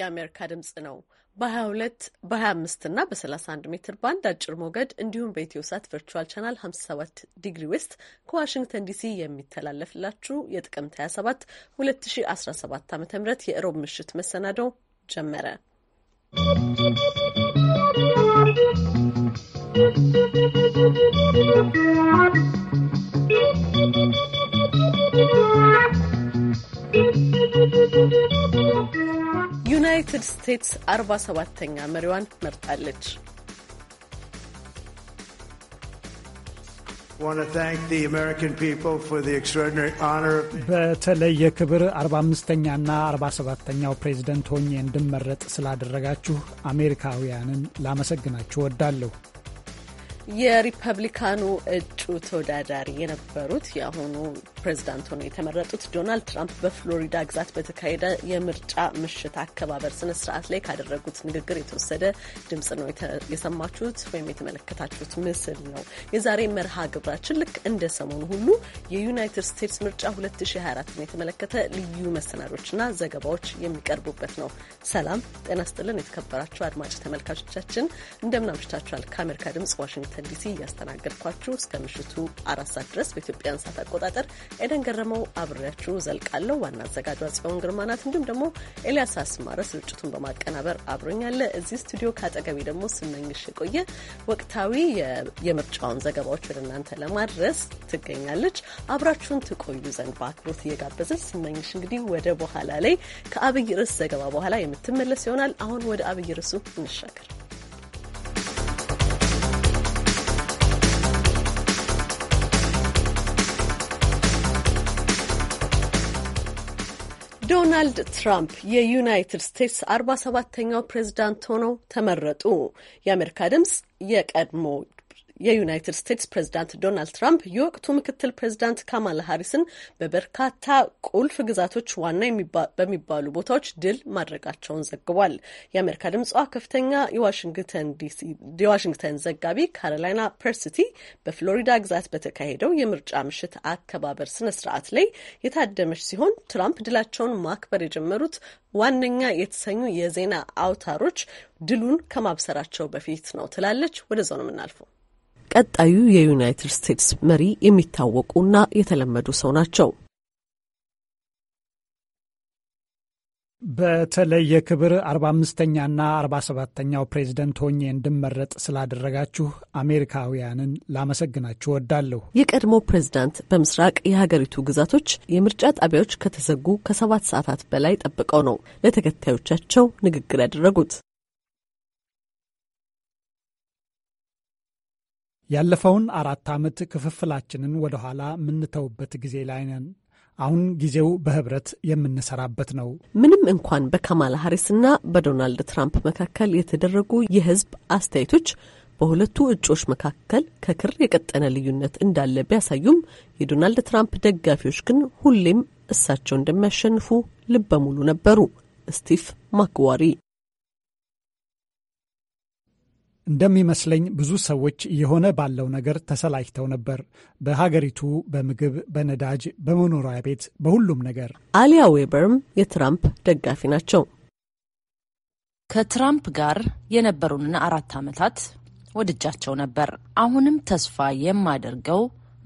የአሜሪካ ድምጽ ነው። በ22 በ25 እና በ31 ሜትር ባንድ አጭር ሞገድ እንዲሁም በኢትዮ ሳት ቨርቹዋል ቻናል 57 ዲግሪ ዌስት ከዋሽንግተን ዲሲ የሚተላለፍላችሁ የጥቅምት 27 2017 ዓ ም የእሮብ ምሽት መሰናደው ጀመረ። ¶¶ ዩናይትድ ስቴትስ 47ተኛ መሪዋን መርጣለች። በተለይ የክብር 45ተኛና 47ተኛው ፕሬዝደንት ሆኜ እንድመረጥ ስላደረጋችሁ አሜሪካውያንን ላመሰግናችሁ ወዳለሁ። የሪፐብሊካኑ እጩ ተወዳዳሪ የነበሩት የአሁኑ ፕሬዚዳንት ሆነው የተመረጡት ዶናልድ ትራምፕ በፍሎሪዳ ግዛት በተካሄደ የምርጫ ምሽት አከባበር ስነ ስርዓት ላይ ካደረጉት ንግግር የተወሰደ ድምጽ ነው የሰማችሁት ወይም የተመለከታችሁት ምስል ነው። የዛሬ መርሃ ግብራችን ልክ እንደ ሰሞኑ ሁሉ የዩናይትድ ስቴትስ ምርጫ 2024ን የተመለከተ ልዩ መሰናዶችና ዘገባዎች የሚቀርቡበት ነው። ሰላም ጤና ስጥልን። የተከበራችሁ አድማጭ ተመልካቾቻችን እንደምናምሽታችኋል። ከአሜሪካ ድምጽ ዋሽንግተን ዋሽንግተን ዲሲ እያስተናገድኳችሁ እስከ ምሽቱ አራት ሰዓት ድረስ በኢትዮጵያን ሰዓት አቆጣጠር ኤደን ገረመው አብሬያችሁ ዘልቃለሁ። ዋና አዘጋጇ ጽዮን ግርማ ናት። እንዲሁም ደግሞ ኤልያስ አስማረ ስርጭቱን በማቀናበር አብሮኛለ። እዚህ ስቱዲዮ ከአጠገቢ ደግሞ ስመኝሽ የቆየ ወቅታዊ የምርጫውን ዘገባዎች ወደ እናንተ ለማድረስ ትገኛለች። አብራችሁን ትቆዩ ዘንድ በአክብሮት እየጋበዝን ስመኝሽ እንግዲህ ወደ በኋላ ላይ ከአብይ ርዕስ ዘገባ በኋላ የምትመለስ ይሆናል። አሁን ወደ አብይ ርዕሱ እንሻገር። ዶናልድ ትራምፕ የዩናይትድ ስቴትስ አርባ ሰባተኛው ፕሬዝዳንት ሆነው ተመረጡ። የአሜሪካ ድምፅ የቀድሞ የዩናይትድ ስቴትስ ፕሬዚዳንት ዶናልድ ትራምፕ የወቅቱ ምክትል ፕሬዚዳንት ካማላ ሃሪስን በበርካታ ቁልፍ ግዛቶች ዋና በሚባሉ ቦታዎች ድል ማድረጋቸውን ዘግቧል። የአሜሪካ ድምጿ ከፍተኛ የዋሽንግተን ዘጋቢ ካሮላይና ፐርሲቲ በፍሎሪዳ ግዛት በተካሄደው የምርጫ ምሽት አከባበር ስነ ስርዓት ላይ የታደመች ሲሆን ትራምፕ ድላቸውን ማክበር የጀመሩት ዋነኛ የተሰኙ የዜና አውታሮች ድሉን ከማብሰራቸው በፊት ነው ትላለች። ወደዛው ነው የምናልፈው። ቀጣዩ የዩናይትድ ስቴትስ መሪ የሚታወቁና የተለመዱ ሰው ናቸው። በተለይ የክብር 45ኛና 47ኛው ፕሬዝደንት ሆኜ እንድመረጥ ስላደረጋችሁ አሜሪካውያንን ላመሰግናችሁ ወዳለሁ። የቀድሞ ፕሬዝዳንት በምስራቅ የሀገሪቱ ግዛቶች የምርጫ ጣቢያዎች ከተዘጉ ከሰባት ሰዓታት በላይ ጠብቀው ነው ለተከታዮቻቸው ንግግር ያደረጉት። ያለፈውን አራት ዓመት ክፍፍላችንን ወደኋላ የምንተውበት ጊዜ ላይ ነን። አሁን ጊዜው በህብረት የምንሰራበት ነው። ምንም እንኳን በካማላ ሀሪስና በዶናልድ ትራምፕ መካከል የተደረጉ የህዝብ አስተያየቶች በሁለቱ እጩዎች መካከል ከክር የቀጠነ ልዩነት እንዳለ ቢያሳዩም የዶናልድ ትራምፕ ደጋፊዎች ግን ሁሌም እሳቸው እንደሚያሸንፉ ልበ ሙሉ ነበሩ። ስቲቭ ማክዋሪ እንደሚመስለኝ ብዙ ሰዎች እየሆነ ባለው ነገር ተሰላጅተው ነበር። በሀገሪቱ በምግብ፣ በነዳጅ፣ በመኖሪያ ቤት፣ በሁሉም ነገር። አሊያ ዌበርም የትራምፕ ደጋፊ ናቸው። ከትራምፕ ጋር የነበሩንን አራት ዓመታት ወድጃቸው ነበር። አሁንም ተስፋ የማደርገው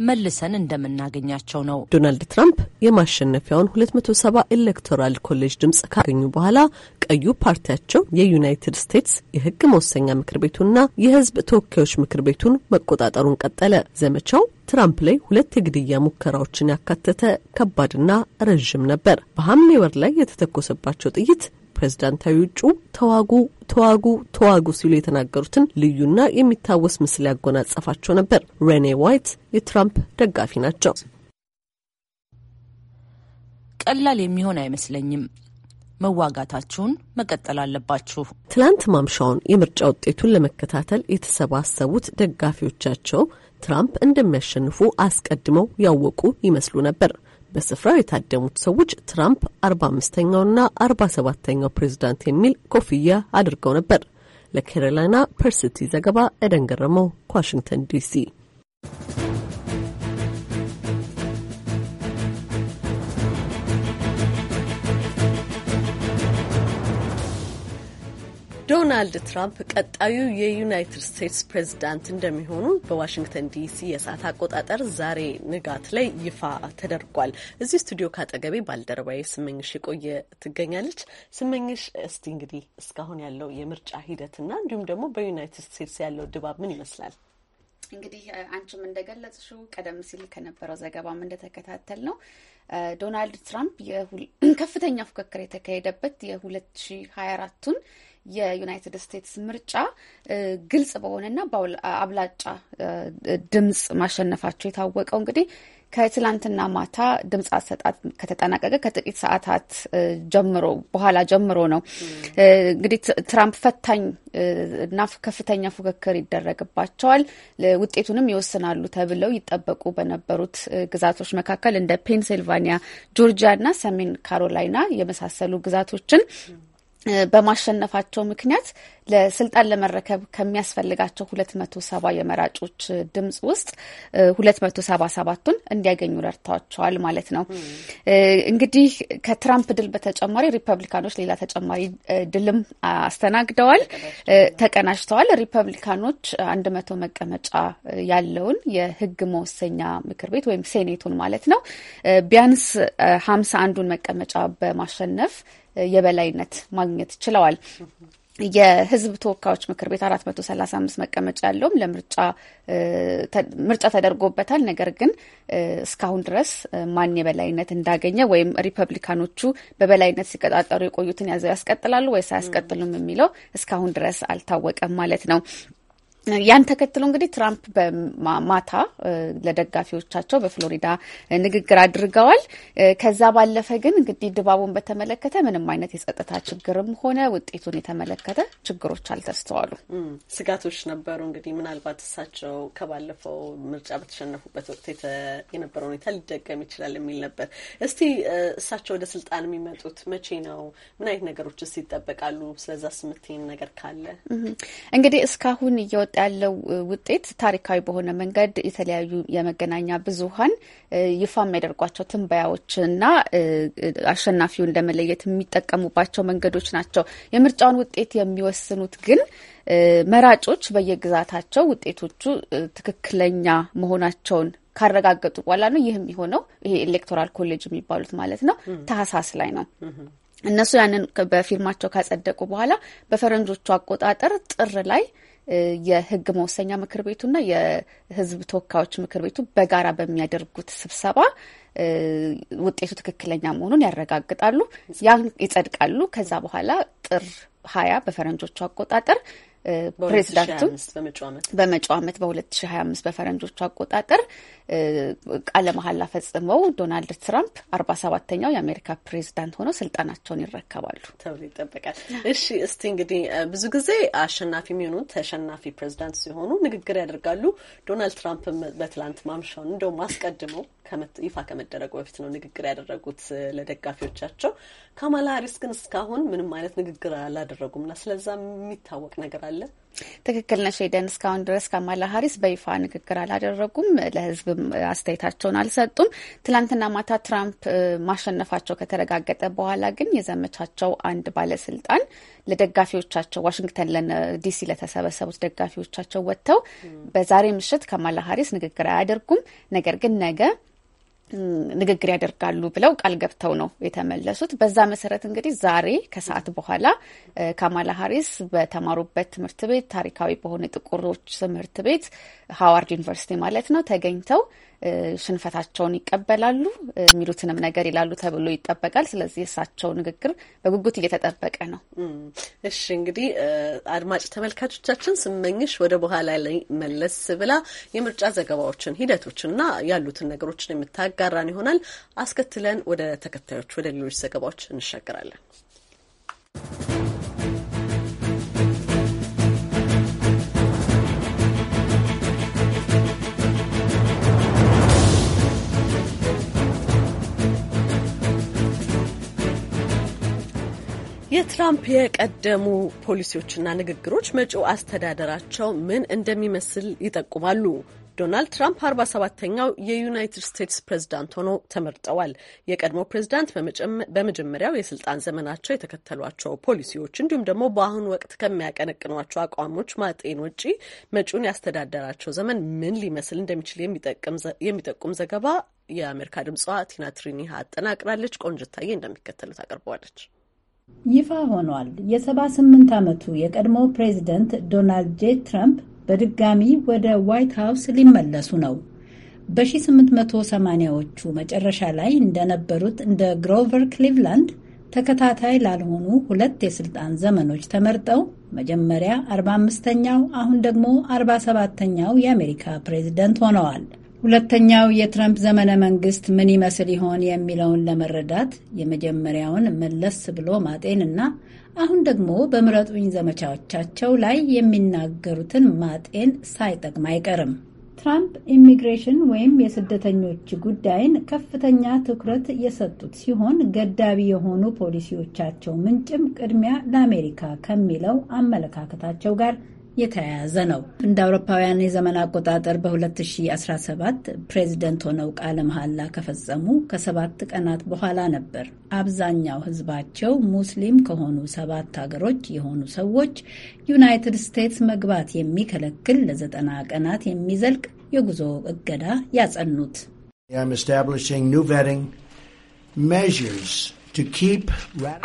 መልሰን እንደምናገኛቸው ነው። ዶናልድ ትራምፕ የማሸነፊያውን 270 ኤሌክቶራል ኮሌጅ ድምፅ ካገኙ በኋላ ቀዩ ፓርቲያቸው የዩናይትድ ስቴትስ የህግ መወሰኛ ምክር ቤቱና የህዝብ ተወካዮች ምክር ቤቱን መቆጣጠሩን ቀጠለ። ዘመቻው ትራምፕ ላይ ሁለት የግድያ ሙከራዎችን ያካተተ ከባድና ረዥም ነበር። በሐምሌ ወር ላይ የተተኮሰባቸው ጥይት ፕሬዝዳንታዊ እጩ ተዋጉ ተዋጉ ተዋጉ ሲሉ የተናገሩትን ልዩና የሚታወስ ምስል ያጎናጸፋቸው ነበር። ሬኔ ዋይት የትራምፕ ደጋፊ ናቸው። ቀላል የሚሆን አይመስለኝም። መዋጋታችሁን መቀጠል አለባችሁ። ትላንት ማምሻውን የምርጫ ውጤቱን ለመከታተል የተሰባሰቡት ደጋፊዎቻቸው ትራምፕ እንደሚያሸንፉ አስቀድመው ያወቁ ይመስሉ ነበር። በስፍራው የታደሙት ሰዎች ትራምፕ አርባ አምስተኛውና አርባ ሰባተኛው ፕሬዚዳንት የሚል ኮፍያ አድርገው ነበር። ለካሮላይና ፐርሲቲ ዘገባ ኤደን ገረመው ከዋሽንግተን ዲሲ ዶናልድ ትራምፕ ቀጣዩ የዩናይትድ ስቴትስ ፕሬዝዳንት እንደሚሆኑ በዋሽንግተን ዲሲ የሰዓት አቆጣጠር ዛሬ ንጋት ላይ ይፋ ተደርጓል። እዚህ ስቱዲዮ ካጠገቤ ባልደረባዬ ስመኝሽ የቆየ ትገኛለች። ስመኝሽ፣ እስቲ እንግዲህ እስካሁን ያለው የምርጫ ሂደትና እንዲሁም ደግሞ በዩናይትድ ስቴትስ ያለው ድባብ ምን ይመስላል? እንግዲህ አንቺም እንደገለጽሽው ቀደም ሲል ከነበረው ዘገባም እንደተከታተል ነው ዶናልድ ትራምፕ ከፍተኛ ፉክክር የተካሄደበት የ2024ቱን የዩናይትድ ስቴትስ ምርጫ ግልጽ በሆነና አብላጫ ድምጽ ማሸነፋቸው የታወቀው እንግዲህ ከትላንትና ማታ ድምፅ አሰጣጥ ከተጠናቀቀ ከጥቂት ሰዓታት ጀምሮ በኋላ ጀምሮ ነው። እንግዲህ ትራምፕ ፈታኝ እና ከፍተኛ ፉክክር ይደረግባቸዋል፣ ውጤቱንም ይወስናሉ ተብለው ይጠበቁ በነበሩት ግዛቶች መካከል እንደ ፔንሲልቫኒያ፣ ጆርጂያ እና ሰሜን ካሮላይና የመሳሰሉ ግዛቶችን በማሸነፋቸው ምክንያት ለስልጣን ለመረከብ ከሚያስፈልጋቸው ሁለት መቶ ሰባ የመራጮች ድምጽ ውስጥ ሁለት መቶ ሰባ ሰባቱን እንዲያገኙ ረድተዋቸዋል ማለት ነው። እንግዲህ ከትራምፕ ድል በተጨማሪ ሪፐብሊካኖች ሌላ ተጨማሪ ድልም አስተናግደዋል፣ ተቀናጅተዋል። ሪፐብሊካኖች አንድ መቶ መቀመጫ ያለውን የህግ መወሰኛ ምክር ቤት ወይም ሴኔቱን ማለት ነው ቢያንስ ሀምሳ አንዱን መቀመጫ በማሸነፍ የበላይነት ማግኘት ችለዋል። የህዝብ ተወካዮች ምክር ቤት አራት መቶ ሰላሳ አምስት መቀመጫ ያለውም ለምርጫ ምርጫ ተደርጎበታል። ነገር ግን እስካሁን ድረስ ማን የበላይነት እንዳገኘ ወይም ሪፐብሊካኖቹ በበላይነት ሲቀጣጠሩ የቆዩትን ያዘው ያስቀጥላሉ ወይስ አያስቀጥሉም የሚለው እስካሁን ድረስ አልታወቀም ማለት ነው። ያን ተከትሎ እንግዲህ ትራምፕ በማታ ለደጋፊዎቻቸው በፍሎሪዳ ንግግር አድርገዋል። ከዛ ባለፈ ግን እንግዲህ ድባቡን በተመለከተ ምንም አይነት የጸጥታ ችግርም ሆነ ውጤቱን የተመለከተ ችግሮች አልተስተዋሉ። ስጋቶች ነበሩ እንግዲህ ምናልባት እሳቸው ከባለፈው ምርጫ በተሸነፉበት ወቅት የነበረ ሁኔታ ሊደገም ይችላል የሚል ነበር። እስቲ እሳቸው ወደ ስልጣን የሚመጡት መቼ ነው? ምን አይነት ነገሮች ስ ይጠበቃሉ? ስለዛ ስምትን ነገር ካለ እንግዲህ እስካሁን እየወ እየተለወጠ ያለው ውጤት ታሪካዊ በሆነ መንገድ የተለያዩ የመገናኛ ብዙኃን ይፋ የሚያደርጓቸው ትንበያዎችና አሸናፊውን ለመለየት የሚጠቀሙባቸው መንገዶች ናቸው። የምርጫውን ውጤት የሚወስኑት ግን መራጮች በየግዛታቸው ውጤቶቹ ትክክለኛ መሆናቸውን ካረጋገጡ በኋላ ነው። ይህም የሆነው ይሄ ኤሌክቶራል ኮሌጅ የሚባሉት ማለት ነው ታህሳስ ላይ ነው። እነሱ ያንን በፊርማቸው ካጸደቁ በኋላ በፈረንጆቹ አቆጣጠር ጥር ላይ የህግ መወሰኛ ምክር ቤቱና የህዝብ ተወካዮች ምክር ቤቱ በጋራ በሚያደርጉት ስብሰባ ውጤቱ ትክክለኛ መሆኑን ያረጋግጣሉ። ያን ይጸድቃሉ። ከዛ በኋላ ጥር ሀያ በፈረንጆቹ አቆጣጠር ፕሬዚዳንቱ በመጪው ዓመት በ2025 በፈረንጆቹ አቆጣጠር ቃለ መሀላ ፈጽመው ዶናልድ ትራምፕ አርባ ሰባተኛው የአሜሪካ ፕሬዚዳንት ሆነው ስልጣናቸውን ይረከባሉ ተብሎ ይጠበቃል። እሺ እስቲ እንግዲህ ብዙ ጊዜ አሸናፊ የሚሆኑ ተሸናፊ ፕሬዚዳንት ሲሆኑ ንግግር ያደርጋሉ። ዶናልድ ትራምፕ በትላንት ማምሻውን እንደውም አስቀድመው ይፋ ከመደረጉ በፊት ነው ንግግር ያደረጉት ለደጋፊዎቻቸው። ካማላ ሀሪስ ግን እስካሁን ምንም አይነት ንግግር አላደረጉም እና ስለዛ የሚታወቅ ነገር አለ ትክክል ነሽ ኤደን። እስካሁን ድረስ ካማላ ሀሪስ በይፋ ንግግር አላደረጉም፣ ለህዝብም አስተያየታቸውን አልሰጡም። ትላንትና ማታ ትራምፕ ማሸነፋቸው ከተረጋገጠ በኋላ ግን የዘመቻቸው አንድ ባለስልጣን ለደጋፊዎቻቸው ዋሽንግተን ዲሲ ለተሰበሰቡት ደጋፊዎቻቸው ወጥተው በዛሬ ምሽት ካማላ ሀሪስ ንግግር አያደርጉም፣ ነገር ግን ነገ ንግግር ያደርጋሉ ብለው ቃል ገብተው ነው የተመለሱት። በዛ መሰረት እንግዲህ ዛሬ ከሰዓት በኋላ ካማላ ሀሪስ በተማሩበት ትምህርት ቤት ታሪካዊ በሆነ ጥቁሮች ትምህርት ቤት ሀዋርድ ዩኒቨርሲቲ ማለት ነው ተገኝተው ሽንፈታቸውን ይቀበላሉ የሚሉትንም ነገር ይላሉ ተብሎ ይጠበቃል። ስለዚህ እሳቸው ንግግር በጉጉት እየተጠበቀ ነው። እሺ እንግዲህ አድማጭ ተመልካቾቻችን ስመኝሽ ወደ በኋላ ላይ መለስ ብላ የምርጫ ዘገባዎችን ሂደቶችና ያሉትን ነገሮችን የምታጋራን ይሆናል። አስከትለን ወደ ተከታዮች ወደ ሌሎች ዘገባዎች እንሻገራለን። የትራምፕ የቀደሙ ፖሊሲዎችና ንግግሮች መጪው አስተዳደራቸው ምን እንደሚመስል ይጠቁማሉ። ዶናልድ ትራምፕ አርባ ሰባተኛው የዩናይትድ ስቴትስ ፕሬዝዳንት ሆኖ ተመርጠዋል። የቀድሞ ፕሬዝዳንት በመጀመሪያው የስልጣን ዘመናቸው የተከተሏቸው ፖሊሲዎች እንዲሁም ደግሞ በአሁኑ ወቅት ከሚያቀነቅኗቸው አቋሞች ማጤን ውጪ መጪውን ያስተዳደራቸው ዘመን ምን ሊመስል እንደሚችል የሚጠቁም ዘገባ የአሜሪካ ድምጽዋ ቲና ትሪኒ አጠናቅራለች። ቆንጅታዬ እንደሚከተሉት አቅርበዋለች። ይፋ ሆኗል። የ78 ዓመቱ የቀድሞ ፕሬዚደንት ዶናልድ ጄ ትራምፕ በድጋሚ ወደ ዋይት ሃውስ ሊመለሱ ነው። በ1880ዎቹ መጨረሻ ላይ እንደነበሩት እንደ ግሮቨር ክሊቭላንድ ተከታታይ ላልሆኑ ሁለት የስልጣን ዘመኖች ተመርጠው መጀመሪያ 45ኛው አሁን ደግሞ 47ኛው የአሜሪካ ፕሬዝደንት ሆነዋል። ሁለተኛው የትረምፕ ዘመነ መንግስት ምን ይመስል ይሆን የሚለውን ለመረዳት የመጀመሪያውን መለስ ብሎ ማጤን እና አሁን ደግሞ በምረጡኝ ዘመቻዎቻቸው ላይ የሚናገሩትን ማጤን ሳይጠቅም አይቀርም። ትራምፕ ኢሚግሬሽን ወይም የስደተኞች ጉዳይን ከፍተኛ ትኩረት የሰጡት ሲሆን ገዳቢ የሆኑ ፖሊሲዎቻቸው ምንጭም ቅድሚያ ለአሜሪካ ከሚለው አመለካከታቸው ጋር የተያያዘ ነው። እንደ አውሮፓውያን የዘመን አቆጣጠር በ2017 ፕሬዚደንት ሆነው ቃለ መሐላ ከፈጸሙ ከሰባት ቀናት በኋላ ነበር አብዛኛው ሕዝባቸው ሙስሊም ከሆኑ ሰባት ሀገሮች የሆኑ ሰዎች ዩናይትድ ስቴትስ መግባት የሚከለክል ለዘጠና ቀናት የሚዘልቅ የጉዞ እገዳ ያጸኑት።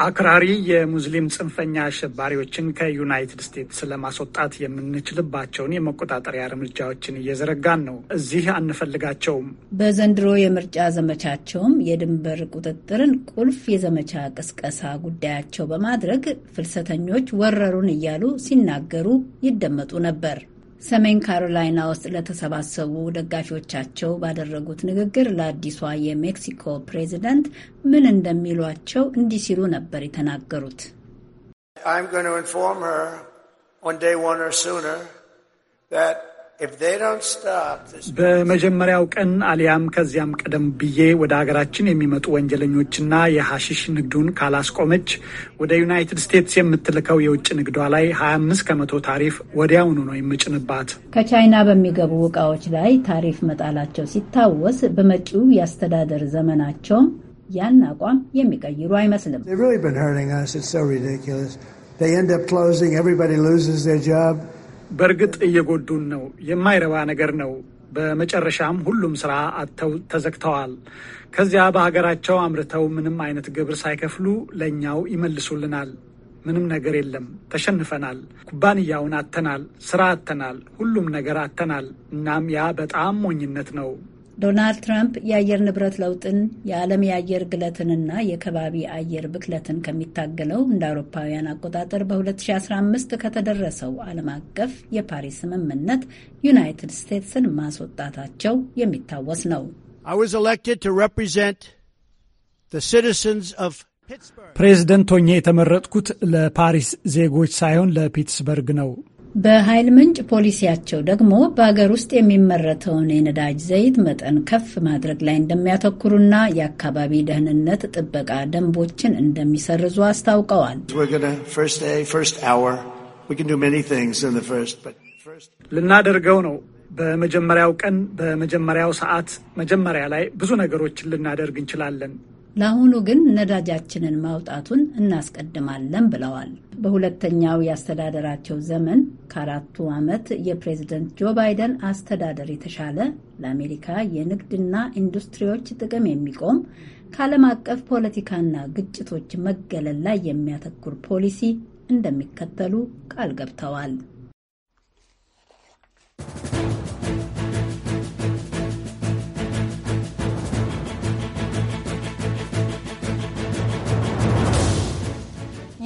አክራሪ የሙስሊም ጽንፈኛ አሸባሪዎችን ከዩናይትድ ስቴትስ ለማስወጣት የምንችልባቸውን የመቆጣጠሪያ እርምጃዎችን እየዘረጋን ነው። እዚህ አንፈልጋቸውም። በዘንድሮ የምርጫ ዘመቻቸውም የድንበር ቁጥጥርን ቁልፍ የዘመቻ ቅስቀሳ ጉዳያቸው በማድረግ ፍልሰተኞች ወረሩን እያሉ ሲናገሩ ይደመጡ ነበር። ሰሜን ካሮላይና ውስጥ ለተሰባሰቡ ደጋፊዎቻቸው ባደረጉት ንግግር ለአዲሷ የሜክሲኮ ፕሬዚደንት ምን እንደሚሏቸው እንዲህ ሲሉ ነበር የተናገሩት። I'm going to inform her on day one or sooner that በመጀመሪያው ቀን አሊያም ከዚያም ቀደም ብዬ ወደ ሀገራችን የሚመጡ ወንጀለኞችና የሐሽሽ ንግዱን ካላስቆመች ወደ ዩናይትድ ስቴትስ የምትልከው የውጭ ንግዷ ላይ 25 ከመቶ ታሪፍ ወዲያውኑ ነው የምጭንባት። ከቻይና በሚገቡ እቃዎች ላይ ታሪፍ መጣላቸው ሲታወስ በመጪው የአስተዳደር ዘመናቸውም ያን አቋም የሚቀይሩ አይመስልም። They end up closing, everybody loses their job. በእርግጥ እየጎዱን ነው። የማይረባ ነገር ነው። በመጨረሻም ሁሉም ስራ አጥተው ተዘግተዋል። ከዚያ በሀገራቸው አምርተው ምንም አይነት ግብር ሳይከፍሉ ለእኛው ይመልሱልናል። ምንም ነገር የለም። ተሸንፈናል። ኩባንያውን አተናል ስራ አተናል ሁሉም ነገር አተናል። እናም ያ በጣም ሞኝነት ነው። ዶናልድ ትራምፕ የአየር ንብረት ለውጥን የዓለም የአየር ግለትንና የከባቢ አየር ብክለትን ከሚታገለው እንደ አውሮፓውያን አቆጣጠር በ2015 ከተደረሰው ዓለም አቀፍ የፓሪስ ስምምነት ዩናይትድ ስቴትስን ማስወጣታቸው የሚታወስ ነው። ፕሬዝደንት ሆኜ የተመረጥኩት ለፓሪስ ዜጎች ሳይሆን ለፒትስበርግ ነው። በኃይል ምንጭ ፖሊሲያቸው ደግሞ በሀገር ውስጥ የሚመረተውን የነዳጅ ዘይት መጠን ከፍ ማድረግ ላይ እንደሚያተኩሩና የአካባቢ ደህንነት ጥበቃ ደንቦችን እንደሚሰርዙ አስታውቀዋል። ልናደርገው ነው። በመጀመሪያው ቀን፣ በመጀመሪያው ሰዓት፣ መጀመሪያ ላይ ብዙ ነገሮችን ልናደርግ እንችላለን። ለአሁኑ ግን ነዳጃችንን ማውጣቱን እናስቀድማለን ብለዋል። በሁለተኛው የአስተዳደራቸው ዘመን ከአራቱ ዓመት የፕሬዝደንት ጆ ባይደን አስተዳደር የተሻለ ለአሜሪካ የንግድና ኢንዱስትሪዎች ጥቅም የሚቆም ከዓለም አቀፍ ፖለቲካና ግጭቶች መገለል ላይ የሚያተኩር ፖሊሲ እንደሚከተሉ ቃል ገብተዋል።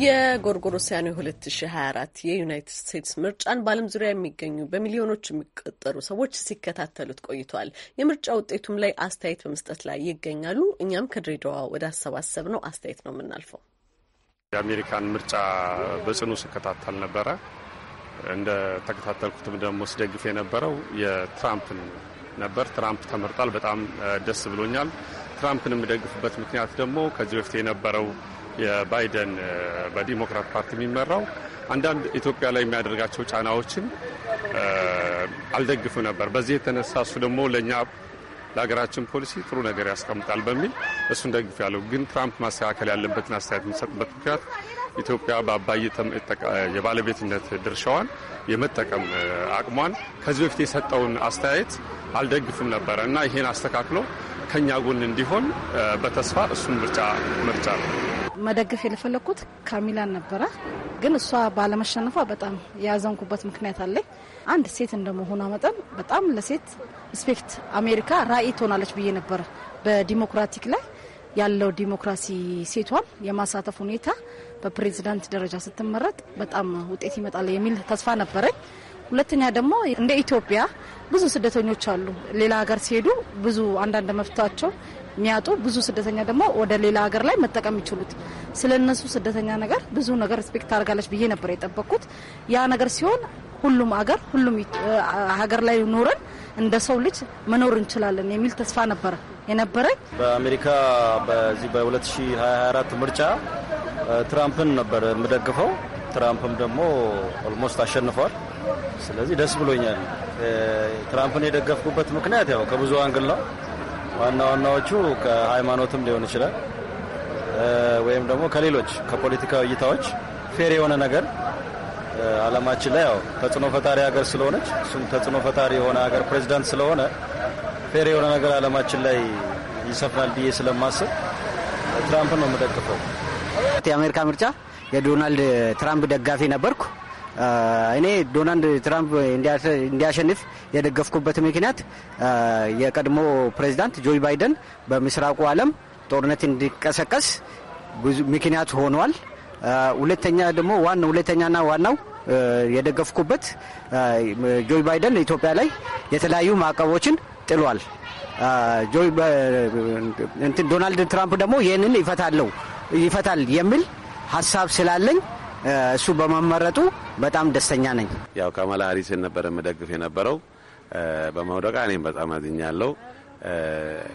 የጎርጎሮሳውያኑ 2024 የዩናይትድ ስቴትስ ምርጫን በዓለም ዙሪያ የሚገኙ በሚሊዮኖች የሚቆጠሩ ሰዎች ሲከታተሉት ቆይተዋል። የምርጫ ውጤቱም ላይ አስተያየት በመስጠት ላይ ይገኛሉ። እኛም ከድሬዳዋ ወደ አሰባሰብ ነው አስተያየት ነው የምናልፈው። የአሜሪካን ምርጫ በጽኑ ስከታተል ነበረ። እንደ ተከታተልኩትም ደግሞ ስደግፍ የነበረው የትራምፕን ነበር። ትራምፕ ተመርጧል። በጣም ደስ ብሎኛል። ትራምፕን የምደግፍበት ምክንያት ደግሞ ከዚህ በፊት የነበረው የባይደን በዲሞክራት ፓርቲ የሚመራው አንዳንድ ኢትዮጵያ ላይ የሚያደርጋቸው ጫናዎችን አልደግፍም ነበር። በዚህ የተነሳ እሱ ደግሞ ለእኛ ለሀገራችን ፖሊሲ ጥሩ ነገር ያስቀምጣል በሚል እሱን ደግፍ ያለው ግን ትራምፕ ማስተካከል ያለበትን አስተያየት የሚሰጥበት ምክንያት ኢትዮጵያ በአባይ የባለቤትነት ድርሻዋን የመጠቀም አቅሟን ከዚህ በፊት የሰጠውን አስተያየት አልደግፍም ነበረ እና ይሄን አስተካክሎ ከእኛ ጎን እንዲሆን በተስፋ እሱን ምርጫ ምርጫ ነው። መደገፍ የፈለግኩት ካሚላን ነበረ። ግን እሷ ባለመሸነፏ በጣም የያዘንኩበት ምክንያት አለኝ። አንድ ሴት እንደመሆኗ መጠን በጣም ለሴት ስፔክት አሜሪካ ራዕይ ትሆናለች ብዬ ነበረ። በዲሞክራቲክ ላይ ያለው ዲሞክራሲ ሴቷን የማሳተፍ ሁኔታ በፕሬዚዳንት ደረጃ ስትመረጥ በጣም ውጤት ይመጣል የሚል ተስፋ ነበረኝ። ሁለተኛ ደግሞ እንደ ኢትዮጵያ ብዙ ስደተኞች አሉ። ሌላ ሀገር ሲሄዱ ብዙ አንዳንድ መፍታቸው የሚያጡ ብዙ ስደተኛ ደግሞ ወደ ሌላ ሀገር ላይ መጠቀም ይችሉት ስለ እነሱ ስደተኛ ነገር ብዙ ነገር ሪስፔክት አድርጋለች ብዬ ነበር የጠበቅኩት። ያ ነገር ሲሆን ሁሉም አገር ሁሉም ሀገር ላይ ኖረን እንደ ሰው ልጅ መኖር እንችላለን የሚል ተስፋ ነበረ የነበረኝ። በአሜሪካ በዚህ በ2024 ምርጫ ትራምፕን ነበር የምደግፈው። ትራምፕም ደግሞ ኦልሞስት አሸንፏል። ስለዚህ ደስ ብሎኛል። ትራምፕን የደገፍኩበት ምክንያት ያው ከብዙ አንግል ነው። ዋና ዋናዎቹ ከሃይማኖትም ሊሆን ይችላል ወይም ደግሞ ከሌሎች ከፖለቲካዊ እይታዎች ፌር የሆነ ነገር አለማችን ላይ ያው ተጽዕኖ ፈጣሪ ሀገር ስለሆነች እሱም ተጽዕኖ ፈጣሪ የሆነ ሀገር ፕሬዚዳንት ስለሆነ ፌር የሆነ ነገር አለማችን ላይ ይሰፍናል ብዬ ስለማስብ ትራምፕን ነው የምደግፈው። የአሜሪካ ምርጫ የዶናልድ ትራምፕ ደጋፊ ነበርኩ። እኔ ዶናልድ ትራምፕ እንዲያሸንፍ የደገፍኩበት ምክንያት የቀድሞ ፕሬዚዳንት ጆ ባይደን በምስራቁ ዓለም ጦርነት እንዲቀሰቀስ ምክንያት ሆኗል። ሁለተኛ ደግሞ ዋና ሁለተኛና ዋናው የደገፍኩበት ጆ ባይደን ኢትዮጵያ ላይ የተለያዩ ማዕቀቦችን ጥሏል። ዶናልድ ትራምፕ ደግሞ ይህንን ይፈታል የሚል ሀሳብ ስላለኝ እሱ በመመረጡ በጣም ደስተኛ ነኝ። ያው ከመላ ሃሪስን ነበር የምደግፍ የነበረው በመውደቃ እኔም በጣም አዝኛለሁ።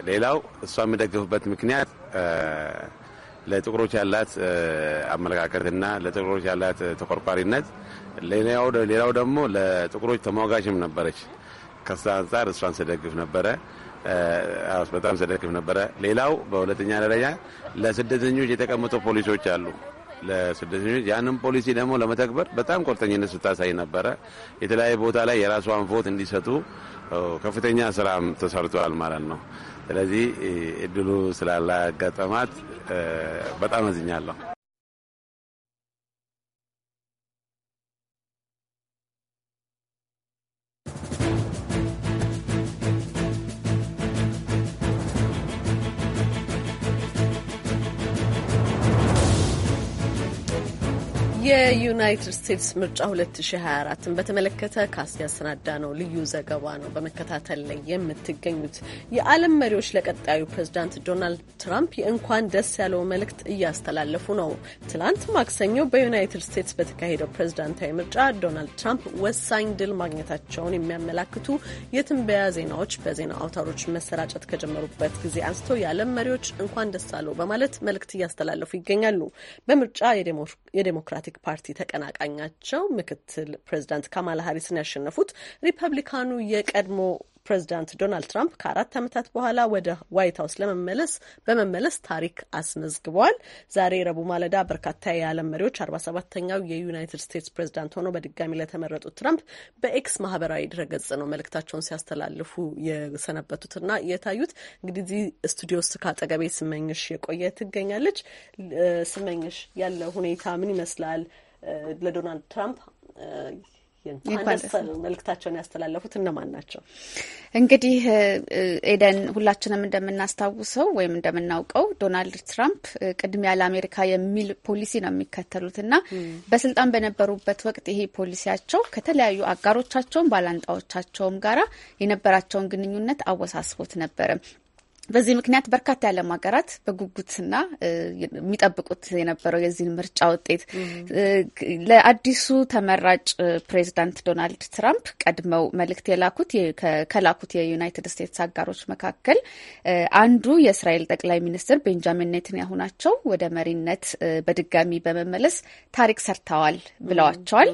ሌላው እሷ የምደግፍበት ምክንያት ለጥቁሮች ያላት አመለካከትና ለጥቁሮች ያላት ተቆርቋሪነት፣ ሌላው ደግሞ ለጥቁሮች ተሟጋችም ነበረች። ከሷ አንጻር እሷን ስደግፍ ነበረ በጣም ስደግፍ ነበረ። ሌላው በሁለተኛ ደረጃ ለስደተኞች የተቀመጡ ፖሊሶች አሉ። ለስደተኞች ያንን ፖሊሲ ደግሞ ለመተግበር በጣም ቁርጠኝነት ስታሳይ ነበረ። የተለያዩ ቦታ ላይ የራሷን ቮት እንዲሰጡ ከፍተኛ ስራም ተሰርቷል ማለት ነው። ስለዚህ እድሉ ስላላጋጠማት በጣም አዝኛለሁ። የዩናይትድ ስቴትስ ምርጫ 2024ን በተመለከተ ካስ ያሰናዳ ነው ልዩ ዘገባ ነው በመከታተል ላይ የምትገኙት። የዓለም መሪዎች ለቀጣዩ ፕሬዝዳንት ዶናልድ ትራምፕ የእንኳን ደስ ያለው መልእክት እያስተላለፉ ነው። ትላንት ማክሰኞ በዩናይትድ ስቴትስ በተካሄደው ፕሬዝዳንታዊ ምርጫ ዶናልድ ትራምፕ ወሳኝ ድል ማግኘታቸውን የሚያመላክቱ የትንበያ ዜናዎች በዜና አውታሮች መሰራጨት ከጀመሩበት ጊዜ አንስቶ የዓለም መሪዎች እንኳን ደስ አለው በማለት መልእክት እያስተላለፉ ይገኛሉ። በምርጫ የዴሞክራቲክ ዲሞክራቲክ ፓርቲ ተቀናቃኛቸው ምክትል ፕሬዚዳንት ካማላ ሀሪስን ያሸነፉት ሪፐብሊካኑ የቀድሞ ፕሬዚዳንት ዶናልድ ትራምፕ ከአራት ዓመታት በኋላ ወደ ዋይት ሀውስ ለመመለስ በመመለስ ታሪክ አስመዝግበዋል። ዛሬ ረቡዕ ማለዳ በርካታ የዓለም መሪዎች አርባ ሰባተኛው የዩናይትድ ስቴትስ ፕሬዚዳንት ሆነው በድጋሚ ለተመረጡት ትራምፕ በኤክስ ማህበራዊ ድረገጽ ነው መልእክታቸውን ሲያስተላልፉ የሰነበቱትና የታዩት። እንግዲህ እዚህ ስቱዲዮ ውስጥ ከአጠገቤ ስመኝሽ የቆየ ትገኛለች። ስመኝሽ፣ ያለ ሁኔታ ምን ይመስላል ለዶናልድ ትራምፕ መልእክታቸውን ያስተላለፉት እነማን ናቸው? እንግዲህ ኤደን፣ ሁላችንም እንደምናስታውሰው ወይም እንደምናውቀው ዶናልድ ትራምፕ ቅድሚያ ለአሜሪካ የሚል ፖሊሲ ነው የሚከተሉት እና በስልጣን በነበሩበት ወቅት ይሄ ፖሊሲያቸው ከተለያዩ አጋሮቻቸውም ባላንጣዎቻቸውም ጋራ የነበራቸውን ግንኙነት አወሳስቦት ነበረ። በዚህ ምክንያት በርካታ የዓለም ሀገራት በጉጉትና የሚጠብቁት የነበረው የዚህን ምርጫ ውጤት ለአዲሱ ተመራጭ ፕሬዚዳንት ዶናልድ ትራምፕ ቀድመው መልእክት የላኩት ከላኩት የዩናይትድ ስቴትስ አጋሮች መካከል አንዱ የእስራኤል ጠቅላይ ሚኒስትር ቤንጃሚን ኔትንያሁ ናቸው። ወደ መሪነት በድጋሚ በመመለስ ታሪክ ሰርተዋል ብለዋቸዋል።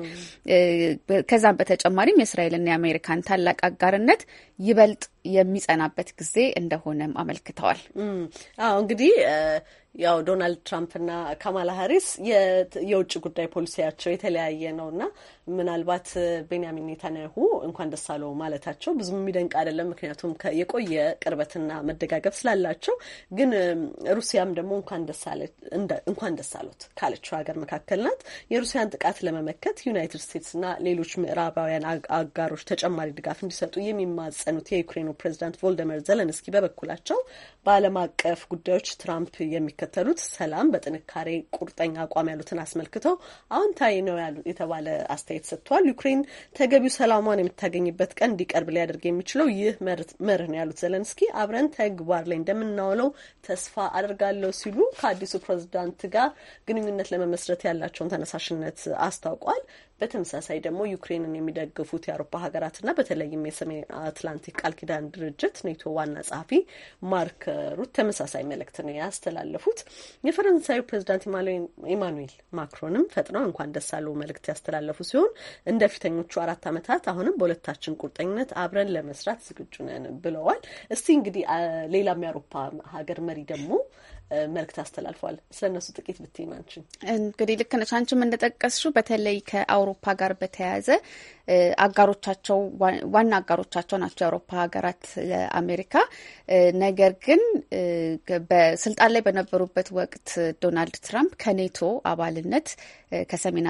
ከዛም በተጨማሪም የእስራኤልና የአሜሪካን ታላቅ አጋርነት ይበልጥ የሚጸናበት ጊዜ እንደሆነም አመልክተዋል። አዎ እንግዲህ ያው ዶናልድ ትራምፕና ካማላ ሀሪስ የውጭ ጉዳይ ፖሊሲያቸው የተለያየ ነው እና ምናልባት ቤንያሚን ኔታንያሁ እንኳን ደስ አለው ማለታቸው ብዙም የሚደንቅ አይደለም። ምክንያቱም የቆየ ቅርበትና መደጋገብ ስላላቸው። ግን ሩሲያም ደግሞ እንኳን ደስ አሎት ካለችው ሀገር መካከል ናት። የሩሲያን ጥቃት ለመመከት ዩናይትድ ስቴትስና ሌሎች ምዕራባውያን አጋሮች ተጨማሪ ድጋፍ እንዲሰጡ የሚማጸኑት የዩክሬኑ ፕሬዚዳንት ቮልደመር ዘለንስኪ በበኩላቸው በዓለም አቀፍ ጉዳዮች ትራምፕ የሚከተሉት ሰላም፣ በጥንካሬ ቁርጠኛ አቋም ያሉትን አስመልክተው አዎንታዊ ነው የተባለ አስተያየት ሰጥቷል። ዩክሬን ተገቢው ሰላሟን የምታገኝበት ቀን እንዲቀርብ ሊያደርግ የሚችለው ይህ መርህ ነው ያሉት ዘለንስኪ አብረን ተግባር ላይ እንደምናውለው ተስፋ አድርጋለሁ ሲሉ ከአዲሱ ፕሬዝዳንት ጋር ግንኙነት ለመመስረት ያላቸውን ተነሳሽነት አስታውቋል። በተመሳሳይ ደግሞ ዩክሬንን የሚደግፉት የአውሮፓ ሀገራትና በተለይም የሰሜን አትላንቲክ ቃል ኪዳን ድርጅት ኔቶ ዋና ጸሐፊ ማርክ በሩት ተመሳሳይ መልእክት ነው ያስተላለፉት። የፈረንሳዩ ፕሬዚዳንት ኢማኑኤል ማክሮንም ፈጥነው እንኳን ደስ አለው መልእክት ያስተላለፉ ሲሆን እንደ ፊተኞቹ አራት ዓመታት አሁንም በሁለታችን ቁርጠኝነት አብረን ለመስራት ዝግጁ ነን ብለዋል። እስቲ እንግዲህ ሌላም የአውሮፓ ሀገር መሪ ደግሞ መልእክት አስተላልፏል። ስለ እነሱ ጥቂት ብትይም እንግዲህ ልክ ነች። አንቺም እንደጠቀስሽው በተለይ ከአውሮፓ ጋር በተያያዘ አጋሮቻቸው ዋና አጋሮቻቸው ናቸው የአውሮፓ ሀገራት ለአሜሪካ። ነገር ግን በስልጣን ላይ በነበሩበት ወቅት ዶናልድ ትራምፕ ከኔቶ አባልነት ከሰሜን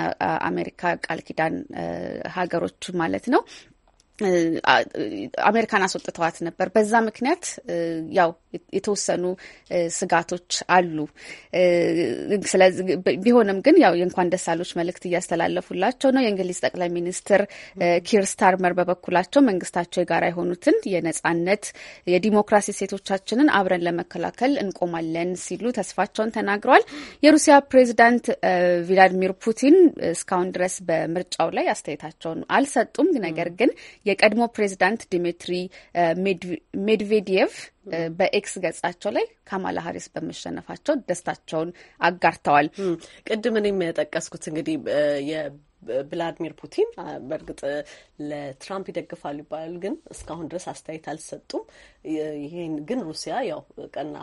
አሜሪካ ቃል ኪዳን ሀገሮች ማለት ነው አሜሪካን አስወጥተዋት ነበር። በዛ ምክንያት ያው የተወሰኑ ስጋቶች አሉ። ቢሆንም ግን ያው የእንኳን ደሳሎች መልእክት እያስተላለፉላቸው ነው። የእንግሊዝ ጠቅላይ ሚኒስትር ኪር ስታርመር በበኩላቸው መንግስታቸው የጋራ የሆኑትን የነጻነት፣ የዲሞክራሲ ሴቶቻችንን አብረን ለመከላከል እንቆማለን ሲሉ ተስፋቸውን ተናግረዋል። የሩሲያ ፕሬዚዳንት ቪላዲሚር ፑቲን እስካሁን ድረስ በምርጫው ላይ አስተያየታቸውን አልሰጡም። ነገር ግን የቀድሞ ፕሬዚዳንት ዲሚትሪ ሜድቬዴቭ በኤክስ ገጻቸው ላይ ካማላ ሀሪስ በመሸነፋቸው ደስታቸውን አጋርተዋል። ቅድም እኔ የጠቀስኩት እንግዲህ ብላድሚር ፑቲን በእርግጥ ለትራምፕ ይደግፋሉ ይባላል፣ ግን እስካሁን ድረስ አስተያየት አልሰጡም። ይህን ግን ሩሲያ ያው ቀና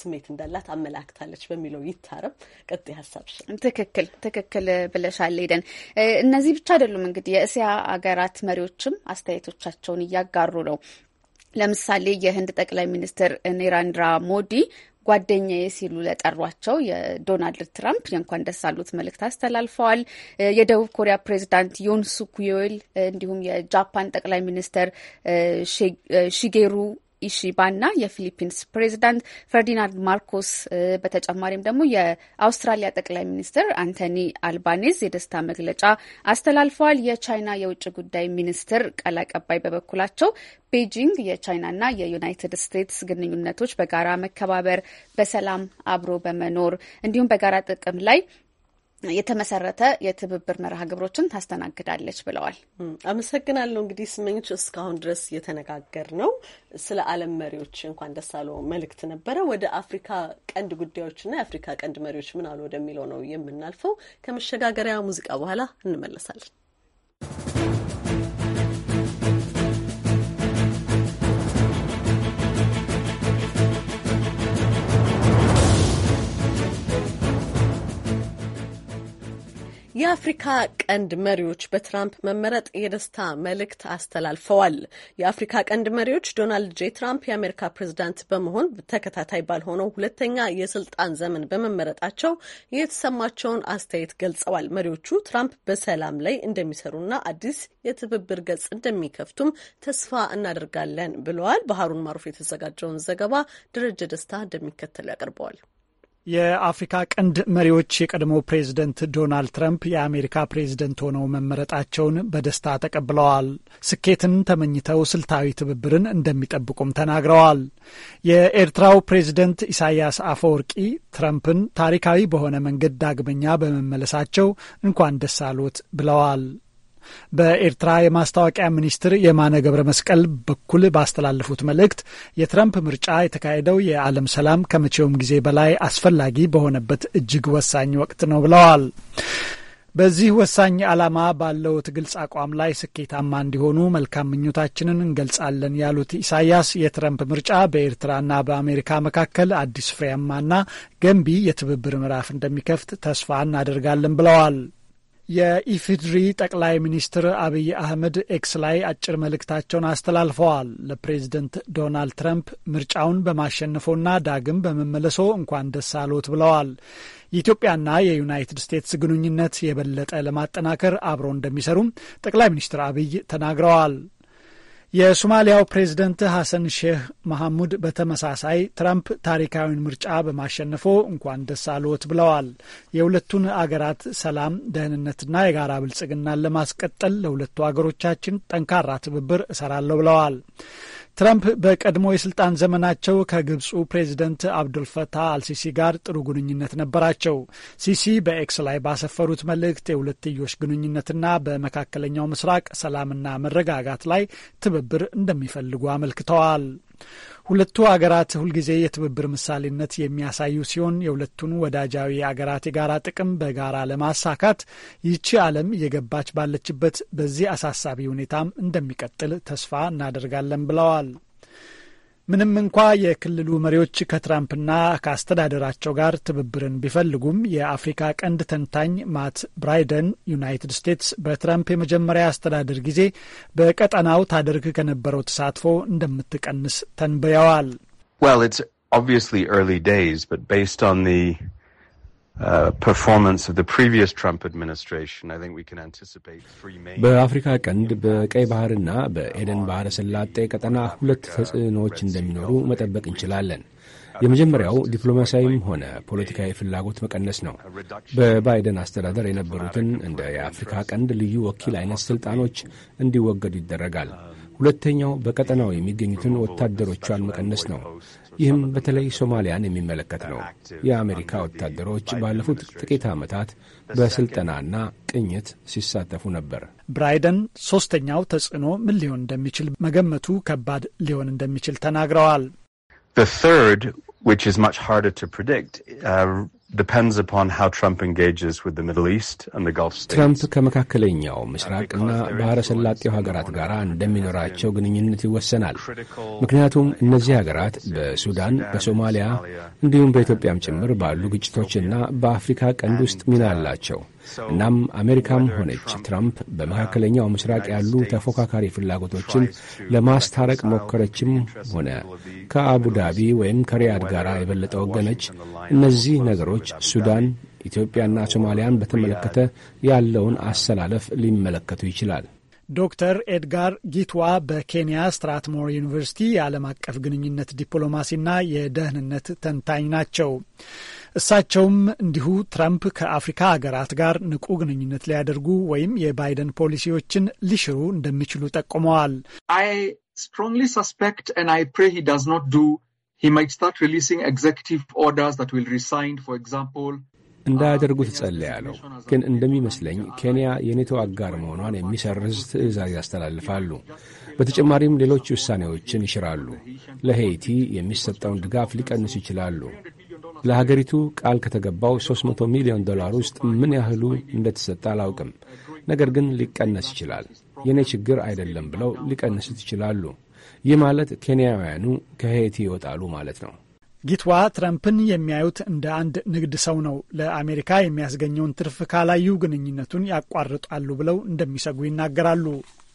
ስሜት እንዳላት አመላክታለች በሚለው ይታረም። ቀጥ ሀሳብ ትክክል ትክክል ብለሻል ሄደን። እነዚህ ብቻ አይደሉም እንግዲህ የእስያ ሀገራት መሪዎችም አስተያየቶቻቸውን እያጋሩ ነው። ለምሳሌ የህንድ ጠቅላይ ሚኒስትር ኔራንድራ ሞዲ ጓደኛዬ ሲሉ ለጠሯቸው የዶናልድ ትራምፕ የእንኳን ደስ አሉት መልእክት አስተላልፈዋል። የደቡብ ኮሪያ ፕሬዚዳንት ዮን ሱክ ዮል እንዲሁም የጃፓን ጠቅላይ ሚኒስተር ሺጌሩ ኢሺባና የፊሊፒንስ ፕሬዚዳንት ፈርዲናንድ ማርኮስ በተጨማሪም ደግሞ የአውስትራሊያ ጠቅላይ ሚኒስትር አንቶኒ አልባኔዝ የደስታ መግለጫ አስተላልፈዋል። የቻይና የውጭ ጉዳይ ሚኒስትር ቃል አቀባይ በበኩላቸው ቤጂንግ የቻይናና የዩናይትድ ስቴትስ ግንኙነቶች በጋራ መከባበር፣ በሰላም አብሮ በመኖር እንዲሁም በጋራ ጥቅም ላይ የተመሰረተ የትብብር መርሃ ግብሮችን ታስተናግዳለች ብለዋል። አመሰግናለሁ። እንግዲህ ስመኞች እስካሁን ድረስ የተነጋገር ነው ስለ ዓለም መሪዎች እንኳን ደስ አለ መልእክት ነበረ። ወደ አፍሪካ ቀንድ ጉዳዮችና የአፍሪካ ቀንድ መሪዎች ምን አሉ ወደሚለው ነው የምናልፈው። ከመሸጋገሪያ ሙዚቃ በኋላ እንመለሳለን። የአፍሪካ ቀንድ መሪዎች በትራምፕ መመረጥ የደስታ መልእክት አስተላልፈዋል። የአፍሪካ ቀንድ መሪዎች ዶናልድ ጄ ትራምፕ የአሜሪካ ፕሬዝዳንት በመሆን ተከታታይ ባልሆነው ሁለተኛ የስልጣን ዘመን በመመረጣቸው የተሰማቸውን አስተያየት ገልጸዋል። መሪዎቹ ትራምፕ በሰላም ላይ እንደሚሰሩና አዲስ የትብብር ገጽ እንደሚከፍቱም ተስፋ እናደርጋለን ብለዋል። በሀሩን ማሩፍ የተዘጋጀውን ዘገባ ደረጀ ደስታ እንደሚከተሉ ያቀርበዋል። የአፍሪካ ቀንድ መሪዎች የቀድሞ ፕሬዝደንት ዶናልድ ትራምፕ የአሜሪካ ፕሬዝደንት ሆነው መመረጣቸውን በደስታ ተቀብለዋል። ስኬትን ተመኝተው ስልታዊ ትብብርን እንደሚጠብቁም ተናግረዋል። የኤርትራው ፕሬዝደንት ኢሳያስ አፈወርቂ ትራምፕን ታሪካዊ በሆነ መንገድ ዳግመኛ በመመለሳቸው እንኳን ደስ አሎት ብለዋል። በኤርትራ የማስታወቂያ ሚኒስትር የማነ ገብረ መስቀል በኩል ባስተላለፉት መልእክት የትራምፕ ምርጫ የተካሄደው የዓለም ሰላም ከመቼውም ጊዜ በላይ አስፈላጊ በሆነበት እጅግ ወሳኝ ወቅት ነው ብለዋል። በዚህ ወሳኝ ዓላማ ባለው ግልጽ አቋም ላይ ስኬታማ እንዲሆኑ መልካም ምኞታችንን እንገልጻለን ያሉት ኢሳያስ የትረምፕ ምርጫ በኤርትራና በአሜሪካ መካከል አዲስ ፍሬያማና ገንቢ የትብብር ምዕራፍ እንደሚከፍት ተስፋ እናደርጋለን ብለዋል። የኢፌዴሪ ጠቅላይ ሚኒስትር አብይ አህመድ ኤክስ ላይ አጭር መልእክታቸውን አስተላልፈዋል። ለፕሬዝደንት ዶናልድ ትራምፕ ምርጫውን በማሸነፎና ዳግም በመመለሶ እንኳን ደስ አሎት ብለዋል። የኢትዮጵያና የዩናይትድ ስቴትስ ግንኙነት የበለጠ ለማጠናከር አብሮ እንደሚሰሩም ጠቅላይ ሚኒስትር አብይ ተናግረዋል። የሶማሊያው ፕሬዝደንት ሐሰን ሼህ መሐሙድ በተመሳሳይ ትራምፕ ታሪካዊን ምርጫ በማሸነፎ እንኳን ደስ አልዎት ብለዋል። የሁለቱን አገራት ሰላም፣ ደህንነትና የጋራ ብልጽግናን ለማስቀጠል ለሁለቱ አገሮቻችን ጠንካራ ትብብር እሰራለሁ ብለዋል። ትራምፕ በቀድሞ የስልጣን ዘመናቸው ከግብፁ ፕሬዚደንት አብዱልፈታህ አልሲሲ ጋር ጥሩ ግንኙነት ነበራቸው። ሲሲ በኤክስ ላይ ባሰፈሩት መልእክት የሁለትዮሽ ግንኙነትና በመካከለኛው ምስራቅ ሰላምና መረጋጋት ላይ ትብብር እንደሚፈልጉ አመልክተዋል። ሁለቱ አገራት ሁልጊዜ የትብብር ምሳሌነት የሚያሳዩ ሲሆን የሁለቱን ወዳጃዊ አገራት የጋራ ጥቅም በጋራ ለማሳካት ይቺ ዓለም እየገባች ባለችበት በዚህ አሳሳቢ ሁኔታም እንደሚቀጥል ተስፋ እናደርጋለን ብለዋል። ምንም እንኳ የክልሉ መሪዎች ከትራምፕና ከአስተዳደራቸው ጋር ትብብርን ቢፈልጉም የአፍሪካ ቀንድ ተንታኝ ማት ብራይደን ዩናይትድ ስቴትስ በትራምፕ የመጀመሪያ አስተዳደር ጊዜ በቀጠናው ታደርግ ከነበረው ተሳትፎ እንደምትቀንስ ተንብየዋል። Uh, በአፍሪካ ቀንድ በቀይ ባህርና በኤደን ባህረ ሰላጤ ቀጠና ሁለት ተጽዕኖዎች እንደሚኖሩ መጠበቅ እንችላለን። uh, የመጀመሪያው ዲፕሎማሲያዊም ሆነ ፖለቲካዊ ፍላጎት መቀነስ ነው። በባይደን አስተዳደር የነበሩትን እንደ የአፍሪካ ቀንድ ልዩ ወኪል አይነት ስልጣኖች እንዲወገዱ ይደረጋል። um, ሁለተኛው በቀጠናው የሚገኙትን ወታደሮቿን መቀነስ ነው። ይህም በተለይ ሶማሊያን የሚመለከት ነው። የአሜሪካ ወታደሮች ባለፉት ጥቂት ዓመታት በስልጠናና ቅኝት ሲሳተፉ ነበር። ብራይደን ሶስተኛው ተጽዕኖ ምን ሊሆን እንደሚችል መገመቱ ከባድ ሊሆን እንደሚችል ተናግረዋል። ትራምፕ ከመካከለኛው ምስራቅና ባሕረ ሰላጤው ሀገራት ጋር እንደሚኖራቸው ግንኙነት ይወሰናል። ምክንያቱም እነዚህ ሀገራት በሱዳን፣ በሶማሊያ እንዲሁም በኢትዮጵያም ጭምር ባሉ ግጭቶችና በአፍሪካ ቀንድ ውስጥ ሚና አላቸው። እናም አሜሪካም ሆነች ትራምፕ በመካከለኛው ምስራቅ ያሉ ተፎካካሪ ፍላጎቶችን ለማስታረቅ ሞከረችም ሆነ ከአቡዳቢ ወይም ከሪያድ ጋር የበለጠ ወገነች። እነዚህ ነገሮች ሱዳን፣ ኢትዮጵያና ሶማሊያን በተመለከተ ያለውን አሰላለፍ ሊመለከቱ ይችላል። ዶክተር ኤድጋር ጊትዋ በኬንያ ስትራትሞር ዩኒቨርሲቲ የዓለም አቀፍ ግንኙነት ዲፕሎማሲና የደህንነት ተንታኝ ናቸው። እሳቸውም እንዲሁ ትራምፕ ከአፍሪካ ሀገራት ጋር ንቁ ግንኙነት ሊያደርጉ ወይም የባይደን ፖሊሲዎችን ሊሽሩ እንደሚችሉ ጠቁመዋል። እንዳያደርጉት ጸልያለሁ፣ ግን እንደሚመስለኝ ኬንያ የኔቶ አጋር መሆኗን የሚሰርዝ ትዕዛዝ ያስተላልፋሉ። በተጨማሪም ሌሎች ውሳኔዎችን ይሽራሉ። ለሄይቲ የሚሰጠውን ድጋፍ ሊቀንሱ ይችላሉ። ለሀገሪቱ ቃል ከተገባው 300 ሚሊዮን ዶላር ውስጥ ምን ያህሉ እንደተሰጠ አላውቅም። ነገር ግን ሊቀነስ ይችላል። የእኔ ችግር አይደለም ብለው ሊቀንሱት ይችላሉ። ይህ ማለት ኬንያውያኑ ከሄይቲ ይወጣሉ ማለት ነው። ጊትዋ ትረምፕን የሚያዩት እንደ አንድ ንግድ ሰው ነው። ለአሜሪካ የሚያስገኘውን ትርፍ ካላዩ ግንኙነቱን ያቋርጣሉ ብለው እንደሚሰጉ ይናገራሉ።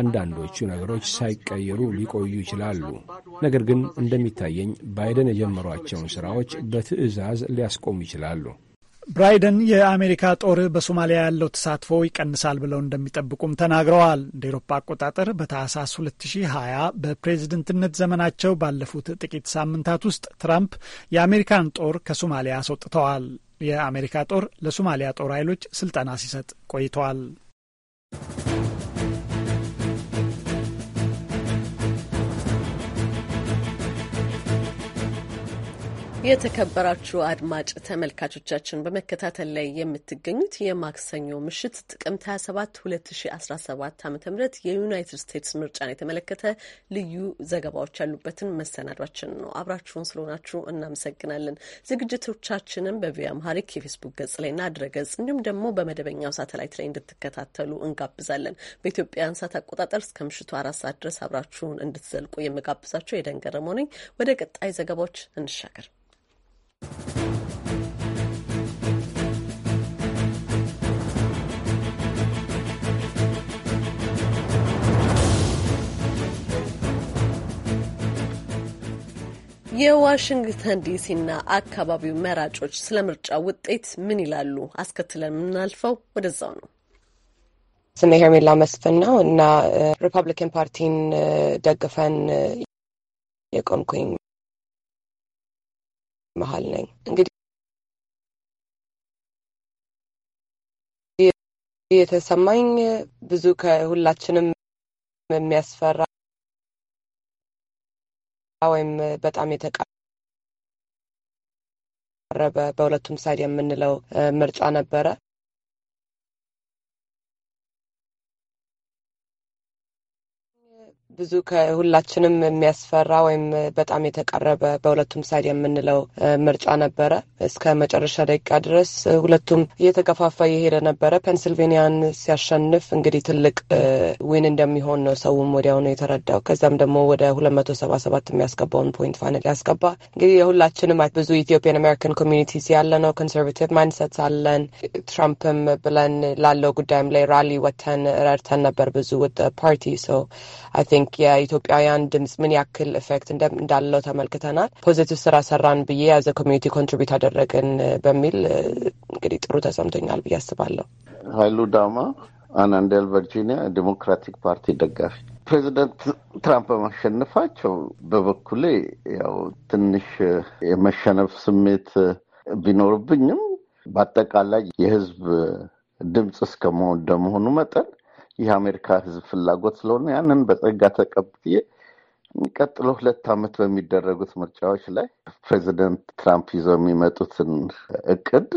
አንዳንዶቹ ነገሮች ሳይቀየሩ ሊቆዩ ይችላሉ። ነገር ግን እንደሚታየኝ ባይደን የጀመሯቸውን ሥራዎች በትዕዛዝ ሊያስቆሙ ይችላሉ። ብራይደን የአሜሪካ ጦር በሶማሊያ ያለው ተሳትፎ ይቀንሳል ብለው እንደሚጠብቁም ተናግረዋል። እንደ ኤሮፓ አቆጣጠር በታህሳስ 2020 በፕሬዝደንትነት ዘመናቸው ባለፉት ጥቂት ሳምንታት ውስጥ ትራምፕ የአሜሪካን ጦር ከሶማሊያ አስወጥተዋል። የአሜሪካ ጦር ለሶማሊያ ጦር ኃይሎች ስልጠና ሲሰጥ ቆይተዋል። የተከበራችሁ አድማጭ ተመልካቾቻችን በመከታተል ላይ የምትገኙት የማክሰኞ ምሽት ጥቅምት 27 2017 ዓ ም የዩናይትድ ስቴትስ ምርጫን የተመለከተ ልዩ ዘገባዎች ያሉበትን መሰናዷችን ነው። አብራችሁን ስለሆናችሁ እናመሰግናለን። ዝግጅቶቻችንን በቪኦኤ አምሃሪክ የፌስቡክ ገጽ ላይና ድረገጽ እንዲሁም ደግሞ በመደበኛው ሳተላይት ላይ እንድትከታተሉ እንጋብዛለን። በኢትዮጵያን ሰዓት አቆጣጠር እስከ ምሽቱ አራት ሰዓት ድረስ አብራችሁን እንድትዘልቁ የምጋብዛቸው የደንገረመሆነኝ ወደ ቀጣይ ዘገባዎች እንሻገር። የዋሽንግተን ዲሲና አካባቢው መራጮች ስለ ምርጫ ውጤት ምን ይላሉ? አስከትለን የምናልፈው ወደዛው ነው። ስሜ ሄርሜላ መስፍን ነው እና ሪፐብሊካን ፓርቲን ደግፈን የቆምኩኝ መሀል ነኝ እንግዲህ የተሰማኝ ብዙ ከሁላችንም የሚያስፈራ ወይም በጣም የተቃረበ በሁለቱም ሳይድ የምንለው ምርጫ ነበረ። ብዙ ከሁላችንም የሚያስፈራ ወይም በጣም የተቀረበ በሁለቱም ሳይድ የምንለው ምርጫ ነበረ። እስከ መጨረሻ ደቂቃ ድረስ ሁለቱም እየተገፋፋ የሄደ ነበረ። ፔንስልቬኒያን ሲያሸንፍ እንግዲህ ትልቅ ዊን እንደሚሆን ነው ሰውም ወዲያውኑ የተረዳው። ከዛም ደግሞ ወደ ሁለት መቶ ሰባ ሰባት የሚያስገባውን ፖይንት ፋይናል ያስገባ። እንግዲህ የሁላችንም ብዙ ኢትዮጵያን አሜሪካን ኮሚኒቲ ያለ ነው። ኮንሰርቬቲቭ ማይንድሰት አለን። ትራምፕም ብለን ላለው ጉዳይም ላይ ራሊ ወተን ረድተን ነበር ብዙ ፓርቲ ሶ አይ ቲንክ ቲንክ የኢትዮጵያውያን ድምጽ ምን ያክል ኢፌክት እንዳለው ተመልክተናል። ፖዚቲቭ ስራ ሰራን ብዬ ያዘ ኮሚኒቲ ኮንትሪቢዩት አደረግን በሚል እንግዲህ ጥሩ ተሰምቶኛል ብዬ አስባለሁ። ሀይሉ ዳማ አናንዴል ቨርጂኒያ፣ ዲሞክራቲክ ፓርቲ ደጋፊ። ፕሬዚደንት ትራምፕ በማሸነፋቸው በበኩሌ ያው ትንሽ የመሸነፍ ስሜት ቢኖርብኝም በአጠቃላይ የህዝብ ድምፅ እስከመሆን እንደመሆኑ መጠን አሜሪካ ህዝብ ፍላጎት ስለሆነ ያንን በጸጋ ተቀብዬ ቀጥሎ ሁለት ዓመት በሚደረጉት ምርጫዎች ላይ ፕሬዚደንት ትራምፕ ይዘው የሚመጡትን እቅድ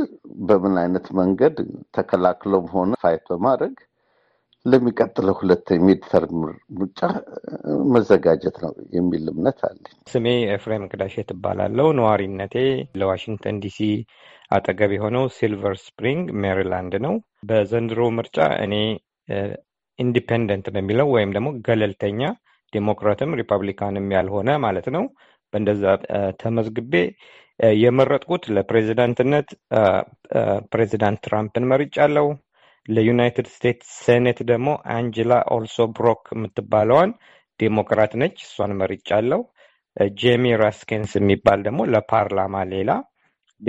በምን አይነት መንገድ ተከላክሎም ሆነ ፋይት በማድረግ ለሚቀጥለው ሁለት ሚድ ምርጫ መዘጋጀት ነው የሚል እምነት አለ። ስሜ ኤፍሬም ቅዳሼ ትባላለው። ነዋሪነቴ ለዋሽንግተን ዲሲ አጠገብ የሆነው ሲልቨር ስፕሪንግ ሜሪላንድ ነው። በዘንድሮ ምርጫ እኔ ኢንዲፔንደንት ነው የሚለው ወይም ደግሞ ገለልተኛ ዴሞክራትም ሪፐብሊካንም ያልሆነ ማለት ነው። በእንደዛ ተመዝግቤ የመረጥኩት ለፕሬዚዳንትነት ፕሬዚዳንት ትራምፕን አለው ለዩናይትድ ስቴትስ ሴኔት ደግሞ አንጅላ ኦልሶ ብሮክ የምትባለዋን ዴሞክራት ነች፣ እሷን አለው ጄሚ ራስኪንስ የሚባል ደግሞ ለፓርላማ ሌላ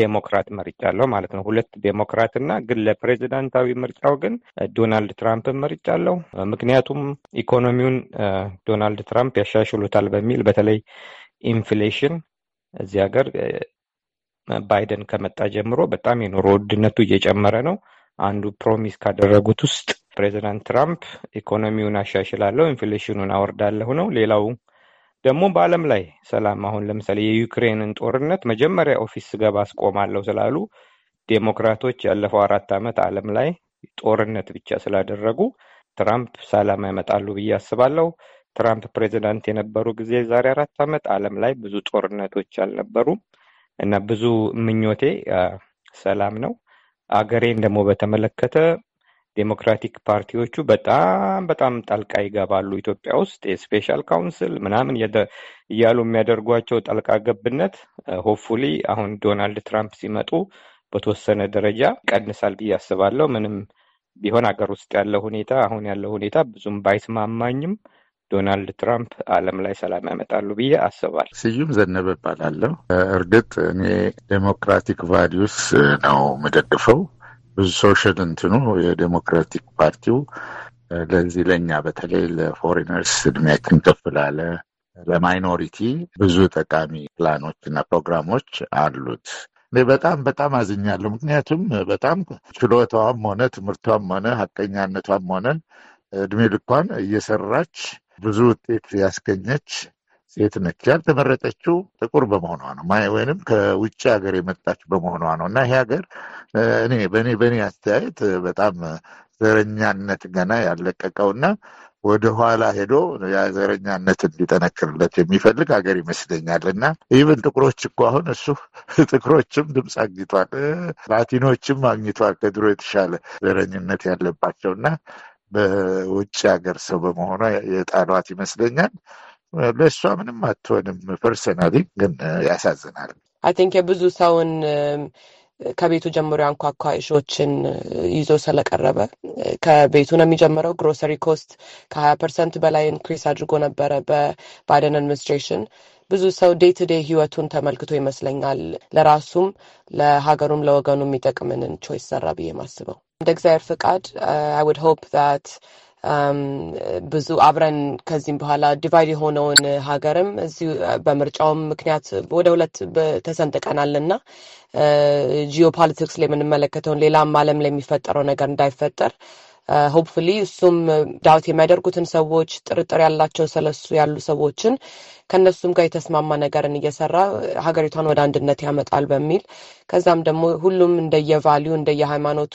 ዴሞክራት መርጫለሁ ማለት ነው። ሁለት ዴሞክራት እና ግን ለፕሬዚዳንታዊ ምርጫው ግን ዶናልድ ትራምፕን መርጫለሁ። ምክንያቱም ኢኮኖሚውን ዶናልድ ትራምፕ ያሻሽሉታል በሚል በተለይ ኢንፍሌሽን እዚህ ሀገር ባይደን ከመጣ ጀምሮ በጣም የኑሮ ውድነቱ እየጨመረ ነው። አንዱ ፕሮሚስ ካደረጉት ውስጥ ፕሬዚዳንት ትራምፕ ኢኮኖሚውን አሻሽላለሁ፣ ኢንፍሌሽኑን አወርዳለሁ ነው። ሌላው ደግሞ በዓለም ላይ ሰላም አሁን ለምሳሌ የዩክሬንን ጦርነት መጀመሪያ ኦፊስ ስገባ አስቆማለሁ ስላሉ ዴሞክራቶች ያለፈው አራት ዓመት ዓለም ላይ ጦርነት ብቻ ስላደረጉ ትራምፕ ሰላም ያመጣሉ ብዬ አስባለሁ። ትራምፕ ፕሬዚዳንት የነበሩ ጊዜ ዛሬ አራት ዓመት ዓለም ላይ ብዙ ጦርነቶች አልነበሩም እና ብዙ ምኞቴ ሰላም ነው። አገሬን ደግሞ በተመለከተ ዴሞክራቲክ ፓርቲዎቹ በጣም በጣም ጣልቃ ይገባሉ ኢትዮጵያ ውስጥ የስፔሻል ካውንስል ምናምን እያሉ የሚያደርጓቸው ጣልቃ ገብነት ሆፕፉሊ አሁን ዶናልድ ትራምፕ ሲመጡ በተወሰነ ደረጃ ይቀንሳል ብዬ አስባለሁ። ምንም ቢሆን ሀገር ውስጥ ያለው ሁኔታ አሁን ያለው ሁኔታ ብዙም ባይስማማኝም ዶናልድ ትራምፕ ዓለም ላይ ሰላም ያመጣሉ ብዬ አስባል። ስዩም ዘነበ እባላለሁ። እርግጥ እኔ ዴሞክራቲክ ቫሊዩስ ነው የምደግፈው ብዙ ሶሻል እንትኑ የዴሞክራቲክ ፓርቲው ለዚህ ለእኛ በተለይ ለፎሪነርስ እድሜያችን ከፍ ላለ ለማይኖሪቲ ብዙ ጠቃሚ ፕላኖች እና ፕሮግራሞች አሉት። በጣም በጣም አዝኛለሁ። ምክንያቱም በጣም ችሎታዋም ሆነ ትምህርቷም ሆነ ሀቀኛነቷም ሆነ እድሜ ልኳን እየሰራች ብዙ ውጤት ያስገኘች ሴት ነች። ያልተመረጠችው ጥቁር በመሆኗ ነው ወይንም ከውጭ ሀገር የመጣች በመሆኗ ነው እና ይሄ ሀገር እኔ በእኔ በእኔ አስተያየት በጣም ዘረኛነት ገና ያለቀቀውና ወደ ኋላ ሄዶ የዘረኛነት እንዲጠነክርለት የሚፈልግ ሀገር ይመስለኛል እና ኢቨን ጥቁሮች እኮ አሁን እሱ ጥቁሮችም ድምፅ አግኝቷል፣ ላቲኖችም አግኝቷል ከድሮ የተሻለ ዘረኝነት ያለባቸው እና በውጭ ሀገር ሰው በመሆኗ የጣሏት ይመስለኛል። ለእሷ ምንም አትሆንም። ፐርሰናሊ ግን ያሳዝናል። አይ ቲንክ የብዙ ሰውን ከቤቱ ጀምሮ ያንኳኳ እሾችን ይዞ ስለቀረበ ከቤቱ ነው የሚጀምረው። ግሮሰሪ ኮስት ከሀያ ፐርሰንት በላይ ኢንክሪስ አድርጎ ነበረ በባይደን አድሚኒስትሬሽን። ብዙ ሰው ዴይ ቱ ዴይ ህይወቱን ተመልክቶ ይመስለኛል ለራሱም ለሀገሩም ለወገኑ የሚጠቅምንን ቾይስ ሰራ ብዬ ማስበው እንደ እግዚአብሔር ፍቃድ አይ ውድ ሆፕ ት ብዙ አብረን ከዚህም በኋላ ዲቫይድ የሆነውን ሀገርም እዚሁ በምርጫውም ምክንያት ወደ ሁለት ተሰንጥቀናል እና ጂኦፖለቲክስ ላይ የምንመለከተውን ሌላም ዓለም ላይ የሚፈጠረው ነገር እንዳይፈጠር ሆፕፉሊ እሱም ዳውት የሚያደርጉትን ሰዎች ጥርጥር ያላቸው ስለሱ ያሉ ሰዎችን ከእነሱም ጋር የተስማማ ነገርን እየሰራ ሀገሪቷን ወደ አንድነት ያመጣል በሚል ከዛም ደግሞ ሁሉም እንደየቫሊዩ እንደየሃይማኖቱ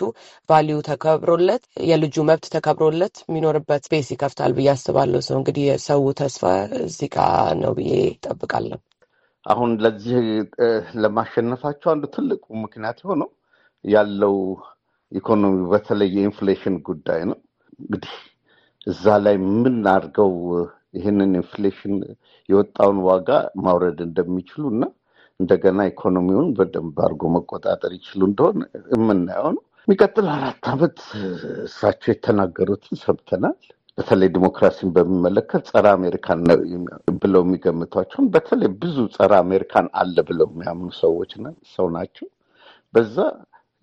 ቫሊዩ ተከብሮለት የልጁ መብት ተከብሮለት የሚኖርበት ስፔስ ይከፍታል ብዬ አስባለሁ። ሰው እንግዲህ የሰው ተስፋ እዚህ ጋ ነው ብዬ ይጠብቃለን። አሁን ለዚህ ለማሸነፋቸው አንዱ ትልቁ ምክንያት የሆነው ያለው ኢኮኖሚ በተለይ የኢንፍሌሽን ጉዳይ ነው። እንግዲህ እዛ ላይ ምን አድርገው ይህንን ኢንፍሌሽን የወጣውን ዋጋ ማውረድ እንደሚችሉ እና እንደገና ኢኮኖሚውን በደንብ አድርጎ መቆጣጠር ይችሉ እንደሆነ የምናየው ነው። የሚቀጥል አራት ዓመት እሳቸው የተናገሩትን ሰምተናል። በተለይ ዲሞክራሲን በሚመለከት ጸረ አሜሪካን ብለው የሚገምቷቸውን በተለይ ብዙ ጸረ አሜሪካን አለ ብለው የሚያምኑ ሰዎች ሰው ናቸው። በዛ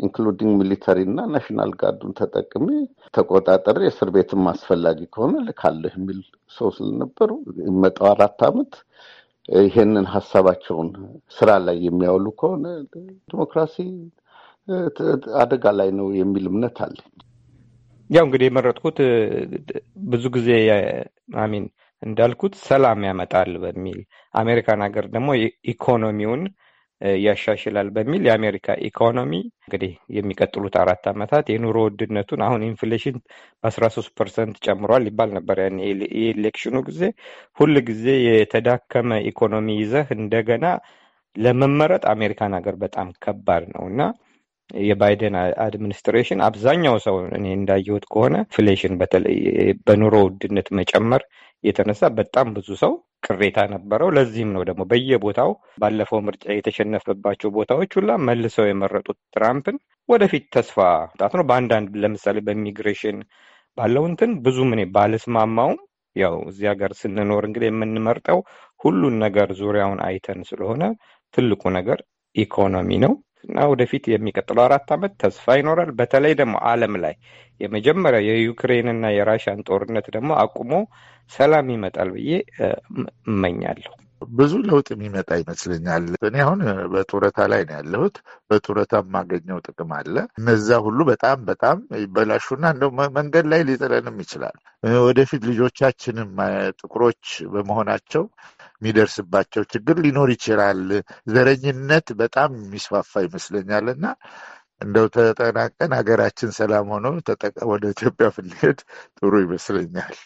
ኢንክሉዲንግ ሚሊተሪ እና ናሽናል ጋርዱን ተጠቅሜ ተቆጣጠር እስር ቤትም አስፈላጊ ከሆነ ልካለህ የሚል ሰው ስለነበሩ የሚመጣው አራት ዓመት ይሄንን ሀሳባቸውን ስራ ላይ የሚያውሉ ከሆነ ዲሞክራሲ አደጋ ላይ ነው የሚል እምነት አለ። ያው እንግዲህ የመረጥኩት ብዙ ጊዜ አሚን እንዳልኩት ሰላም ያመጣል በሚል አሜሪካን ሀገር ደግሞ ኢኮኖሚውን ያሻሽላል በሚል የአሜሪካ ኢኮኖሚ እንግዲህ የሚቀጥሉት አራት ዓመታት የኑሮ ውድነቱን አሁን ኢንፍሌሽን በአስራ ሶስት ፐርሰንት ጨምሯል ይባል ነበር። ያ የኤሌክሽኑ ጊዜ ሁል ጊዜ የተዳከመ ኢኮኖሚ ይዘህ እንደገና ለመመረጥ አሜሪካን ሀገር በጣም ከባድ ነው እና የባይደን አድሚኒስትሬሽን አብዛኛው ሰው እኔ እንዳየሁት ከሆነ ኢንፍሌሽን በተለይ በኑሮ ውድነት መጨመር የተነሳ በጣም ብዙ ሰው ቅሬታ ነበረው። ለዚህም ነው ደግሞ በየቦታው ባለፈው ምርጫ የተሸነፈባቸው ቦታዎች ሁላ መልሰው የመረጡት ትራምፕን። ወደፊት ተስፋ ጣት ነው። በአንዳንድ ለምሳሌ በኢሚግሬሽን ባለው እንትን ብዙ ምን ባልስማማውም ያው እዚህ ሀገር ስንኖር እንግዲህ የምንመርጠው ሁሉን ነገር ዙሪያውን አይተን ስለሆነ ትልቁ ነገር ኢኮኖሚ ነው እና ወደፊት የሚቀጥለው አራት ዓመት ተስፋ ይኖራል። በተለይ ደግሞ ዓለም ላይ የመጀመሪያ የዩክሬንና የራሽያን ጦርነት ደግሞ አቁሞ ሰላም ይመጣል ብዬ እመኛለሁ። ብዙ ለውጥ የሚመጣ ይመስለኛል። እኔ አሁን በጡረታ ላይ ነው ያለሁት። በጡረታ የማገኘው ጥቅም አለ። እነዛ ሁሉ በጣም በጣም ይበላሹና እንደው መንገድ ላይ ሊጥለንም ይችላል። ወደፊት ልጆቻችንም ጥቁሮች በመሆናቸው የሚደርስባቸው ችግር ሊኖር ይችላል። ዘረኝነት በጣም የሚስፋፋ ይመስለኛል እና እንደው ተጠናቀን ሀገራችን ሰላም ሆኖ ወደ ኢትዮጵያ ፍልሄድ ጥሩ ይመስለኛል።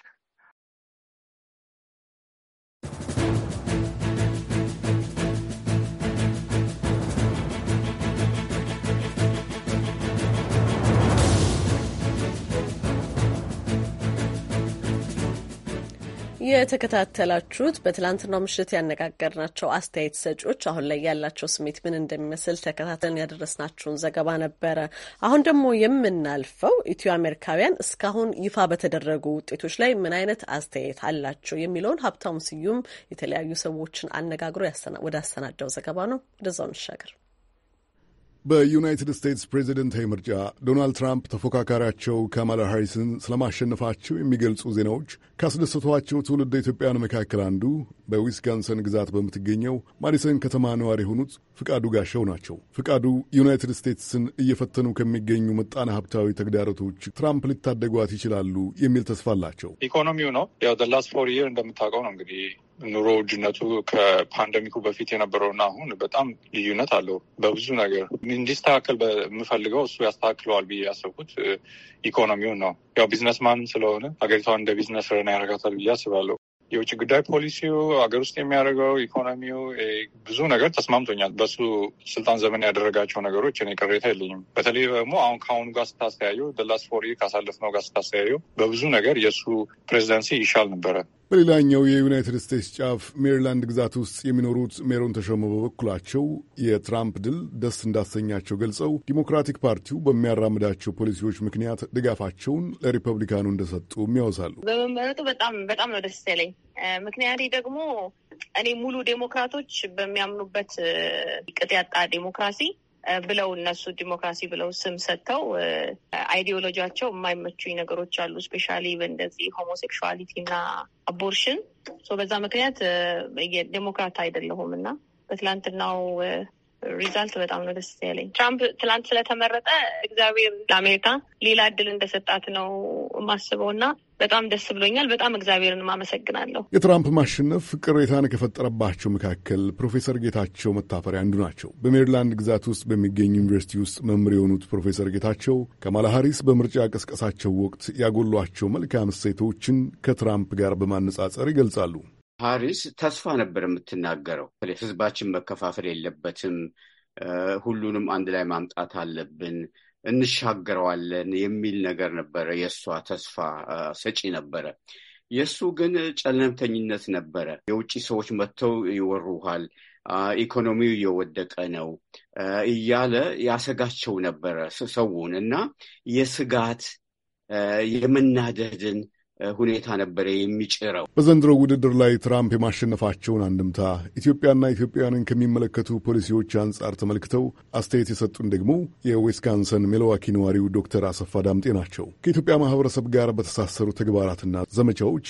የተከታተላችሁት በትላንትናው ምሽት ያነጋገርናቸው አስተያየት ሰጪዎች አሁን ላይ ያላቸው ስሜት ምን እንደሚመስል ተከታተልን ያደረስናችሁን ዘገባ ነበረ። አሁን ደግሞ የምናልፈው ኢትዮ አሜሪካውያን እስካሁን ይፋ በተደረጉ ውጤቶች ላይ ምን አይነት አስተያየት አላቸው የሚለውን ሀብታሙ ስዩም የተለያዩ ሰዎችን አነጋግሮ ወደ አሰናዳው ዘገባ ነው። ወደዛው እንሻገር። በዩናይትድ ስቴትስ ፕሬዚደንታዊ ምርጫ ዶናልድ ትራምፕ ተፎካካሪያቸው ካማላ ሃሪስን ስለማሸነፋቸው የሚገልጹ ዜናዎች ካስደሰቷቸው ትውልድ ኢትዮጵያን መካከል አንዱ በዊስካንሰን ግዛት በምትገኘው ማዲሰን ከተማ ነዋሪ የሆኑት ፍቃዱ ጋሻው ናቸው። ፍቃዱ ዩናይትድ ስቴትስን እየፈተኑ ከሚገኙ ምጣኔ ሀብታዊ ተግዳሮቶች ትራምፕ ሊታደጓት ይችላሉ የሚል ተስፋ አላቸው። ኢኮኖሚው ነው ያው ላስት ፎር ይር እንደምታውቀው ነው እንግዲህ ኑሮ ውድነቱ ከፓንደሚኩ በፊት የነበረውና አሁን በጣም ልዩነት አለው። በብዙ ነገር እንዲስተካከል በምፈልገው እሱ ያስተካክለዋል ብዬ ያሰብኩት ኢኮኖሚውን ነው። ያው ቢዝነስማን ስለሆነ ሀገሪቷን እንደ ቢዝነስ ረና ያደርጋታል ብዬ አስባለሁ። የውጭ ጉዳይ ፖሊሲው፣ ሀገር ውስጥ የሚያደርገው ኢኮኖሚው፣ ብዙ ነገር ተስማምቶኛል። በሱ ስልጣን ዘመን ያደረጋቸው ነገሮች እኔ ቅሬታ የለኝም። በተለይ ደግሞ አሁን ከአሁኑ ጋር ስታስተያየው ደላስ ፎሪ ካሳለፍነው ጋር ስታስተያየው በብዙ ነገር የእሱ ፕሬዚደንሲ ይሻል ነበረ። በሌላኛው የዩናይትድ ስቴትስ ጫፍ ሜሪላንድ ግዛት ውስጥ የሚኖሩት ሜሮን ተሾመ በበኩላቸው የትራምፕ ድል ደስ እንዳሰኛቸው ገልጸው ዲሞክራቲክ ፓርቲው በሚያራምዳቸው ፖሊሲዎች ምክንያት ድጋፋቸውን ለሪፐብሊካኑ እንደሰጡ የሚያወሳሉ። በመመረጡ በጣም በጣም ነው ደስ ያለኝ። ምክንያቴ ደግሞ እኔ ሙሉ ዴሞክራቶች በሚያምኑበት ቅጥ ያጣ ዴሞክራሲ ብለው እነሱ ዲሞክራሲ ብለው ስም ሰጥተው አይዲዮሎጂያቸው የማይመቹኝ ነገሮች አሉ። ስፔሻሊ እንደዚህ ሆሞሴክሹዋሊቲ እና አቦርሽን በዛ ምክንያት ዴሞክራት አይደለሁም እና በትላንትናው ሪዛልት በጣም ነው ደስ ያለኝ። ትራምፕ ትላንት ስለተመረጠ እግዚአብሔር ለአሜሪካ ሌላ እድል እንደሰጣት ነው የማስበው እና በጣም ደስ ብሎኛል። በጣም እግዚአብሔርን አመሰግናለሁ። የትራምፕ ማሸነፍ ቅሬታን ከፈጠረባቸው መካከል ፕሮፌሰር ጌታቸው መታፈሪያ አንዱ ናቸው። በሜሪላንድ ግዛት ውስጥ በሚገኝ ዩኒቨርሲቲ ውስጥ መምህር የሆኑት ፕሮፌሰር ጌታቸው ከማላ ሀሪስ በምርጫ ቅስቀሳቸው ወቅት ያጎሏቸው መልካም እሴቶችን ከትራምፕ ጋር በማነጻጸር ይገልጻሉ። ሀሪስ ተስፋ ነበር የምትናገረው። ህዝባችን መከፋፈል የለበትም፣ ሁሉንም አንድ ላይ ማምጣት አለብን፣ እንሻገረዋለን የሚል ነገር ነበረ። የእሷ ተስፋ ሰጪ ነበረ። የእሱ ግን ጨለምተኝነት ነበረ። የውጭ ሰዎች መጥተው ይወሩሃል፣ ኢኮኖሚው እየወደቀ ነው እያለ ያሰጋቸው ነበረ ሰውን እና የስጋት የመናደድን ሁኔታ ነበረ የሚጭረው። በዘንድሮ ውድድር ላይ ትራምፕ የማሸነፋቸውን አንድምታ ኢትዮጵያና ኢትዮጵያውያንን ከሚመለከቱ ፖሊሲዎች አንጻር ተመልክተው አስተያየት የሰጡን ደግሞ የዊስካንሰን ሜልዋኪ ነዋሪው ዶክተር አሰፋ ዳምጤ ናቸው። ከኢትዮጵያ ማህበረሰብ ጋር በተሳሰሩ ተግባራትና ዘመቻዎች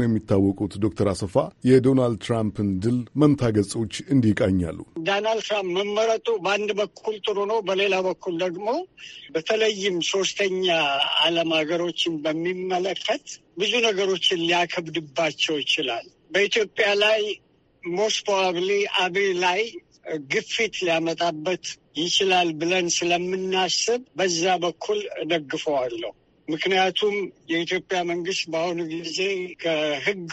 ነው የሚታወቁት ዶክተር አሰፋ የዶናልድ ትራምፕን ድል መንታ ገጾች እንዲህ ይቃኛሉ። ዶናልድ ትራምፕ መመረጡ በአንድ በኩል ጥሩ ነው፣ በሌላ በኩል ደግሞ በተለይም ሶስተኛ ዓለም ሀገሮችን በሚመለከት ብዙ ነገሮችን ሊያከብድባቸው ይችላል። በኢትዮጵያ ላይ ሞስት ፕሮባብሊ አብይ ላይ ግፊት ሊያመጣበት ይችላል ብለን ስለምናስብ በዛ በኩል እደግፈዋለሁ። ምክንያቱም የኢትዮጵያ መንግስት በአሁኑ ጊዜ ከህግ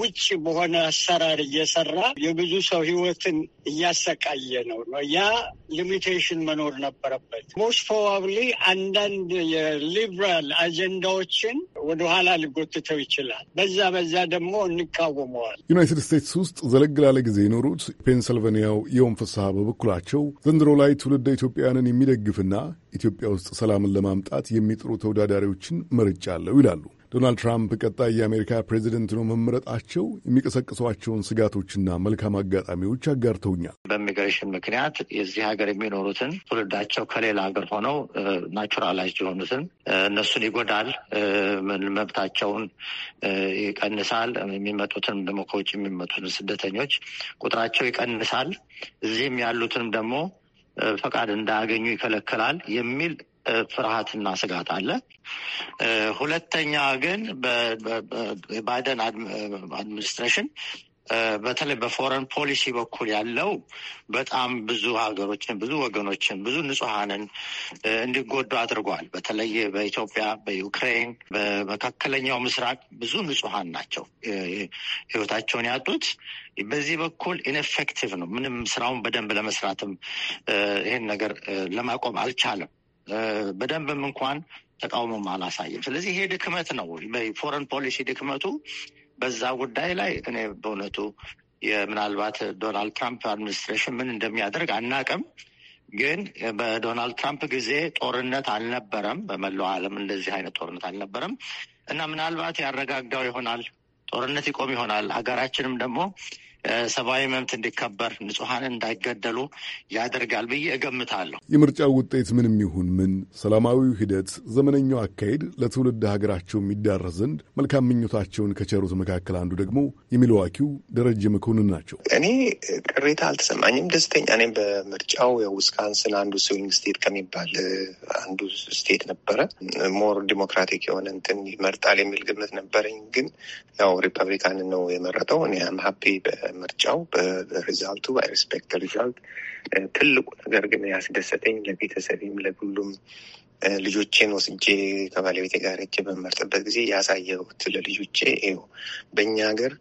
ውጭ በሆነ አሰራር እየሰራ የብዙ ሰው ህይወትን እያሰቃየ ነው። ያ ሊሚቴሽን መኖር ነበረበት። ሞስት ፕሮባብሊ አንዳንድ የሊብራል አጀንዳዎችን ወደኋላ ሊጎትተው ይችላል። በዛ በዛ ደግሞ እንቃወመዋል። ዩናይትድ ስቴትስ ውስጥ ዘለግ ላለ ጊዜ የኖሩት ፔንሰልቬኒያው የወን ፍስሐ በበኩላቸው ዘንድሮ ላይ ትውልደ ኢትዮጵያውያንን የሚደግፍና ኢትዮጵያ ውስጥ ሰላምን ለማምጣት የሚጥሩ ተወዳዳሪዎችን መርጫለሁ ይላሉ። ዶናልድ ትራምፕ ቀጣይ የአሜሪካ ፕሬዚደንት ነው መምረጣቸው የሚቀሰቅሷቸውን ስጋቶችና መልካም አጋጣሚዎች አጋርተውኛል። በኢሚግሬሽን ምክንያት የዚህ ሀገር የሚኖሩትን ትውልዳቸው ከሌላ ሀገር ሆነው ናቹራላይዝድ የሆኑትን እነሱን ይጎዳል፣ መብታቸውን ይቀንሳል። የሚመጡትን ደግሞ ከውጭ የሚመጡትን ስደተኞች ቁጥራቸው ይቀንሳል። እዚህም ያሉትንም ደግሞ ፈቃድ እንዳያገኙ ይከለከላል የሚል ፍርሃትና ስጋት አለ። ሁለተኛ ግን በባይደን አድሚኒስትሬሽን በተለይ በፎረን ፖሊሲ በኩል ያለው በጣም ብዙ ሀገሮችን፣ ብዙ ወገኖችን፣ ብዙ ንጹሐንን እንዲጎዱ አድርጓል። በተለይ በኢትዮጵያ፣ በዩክሬን፣ በመካከለኛው ምስራቅ ብዙ ንጹሐን ናቸው ህይወታቸውን ያጡት። በዚህ በኩል ኢንፌክቲቭ ነው። ምንም ስራውን በደንብ ለመስራትም ይህን ነገር ለማቆም አልቻለም። በደንብም እንኳን ተቃውሞም አላሳየም። ስለዚህ ይሄ ድክመት ነው፣ ፎረን ፖሊሲ ድክመቱ በዛ ጉዳይ ላይ እኔ በእውነቱ ምናልባት ዶናልድ ትራምፕ አድሚኒስትሬሽን ምን እንደሚያደርግ አናቅም። ግን በዶናልድ ትራምፕ ጊዜ ጦርነት አልነበረም፣ በመላው ዓለም እንደዚህ አይነት ጦርነት አልነበረም እና ምናልባት ያረጋጋው ይሆናል፣ ጦርነት ይቆም ይሆናል። ሀገራችንም ደግሞ ሰብአዊ መብት እንዲከበር፣ ንጹሐን እንዳይገደሉ ያደርጋል ብዬ እገምታለሁ። የምርጫው ውጤት ምንም ይሁን ምን ሰላማዊው ሂደት ዘመነኛው አካሄድ ለትውልድ ሀገራቸው የሚዳረስ ዘንድ መልካም ምኞታቸውን ከቸሩት መካከል አንዱ ደግሞ የሚለዋኪው ደረጀ መኮንን ናቸው። እኔ ቅሬታ አልተሰማኝም፣ ደስተኛ እኔም በምርጫው ዊስካንስን አንዱ ስዊንግ ስቴት ከሚባል አንዱ ስቴት ነበረ ሞር ዲሞክራቲክ የሆነ እንትን ይመርጣል የሚል ግምት ነበረኝ። ግን ያው ሪፐብሊካን ነው የመረጠው። እኔ ሀፒ ምርጫው በሪዛልቱ ሪስፔክት ሪዛልት ትልቁ ነገር ግን ያስደሰተኝ ለቤተሰቤም ለሁሉም ልጆቼን ወስጄ ከባለቤቴ ጋር ሄጄ በመርጥበት ጊዜ ያሳየሁት ለልጆቼ ይኸው በእኛ ሀገር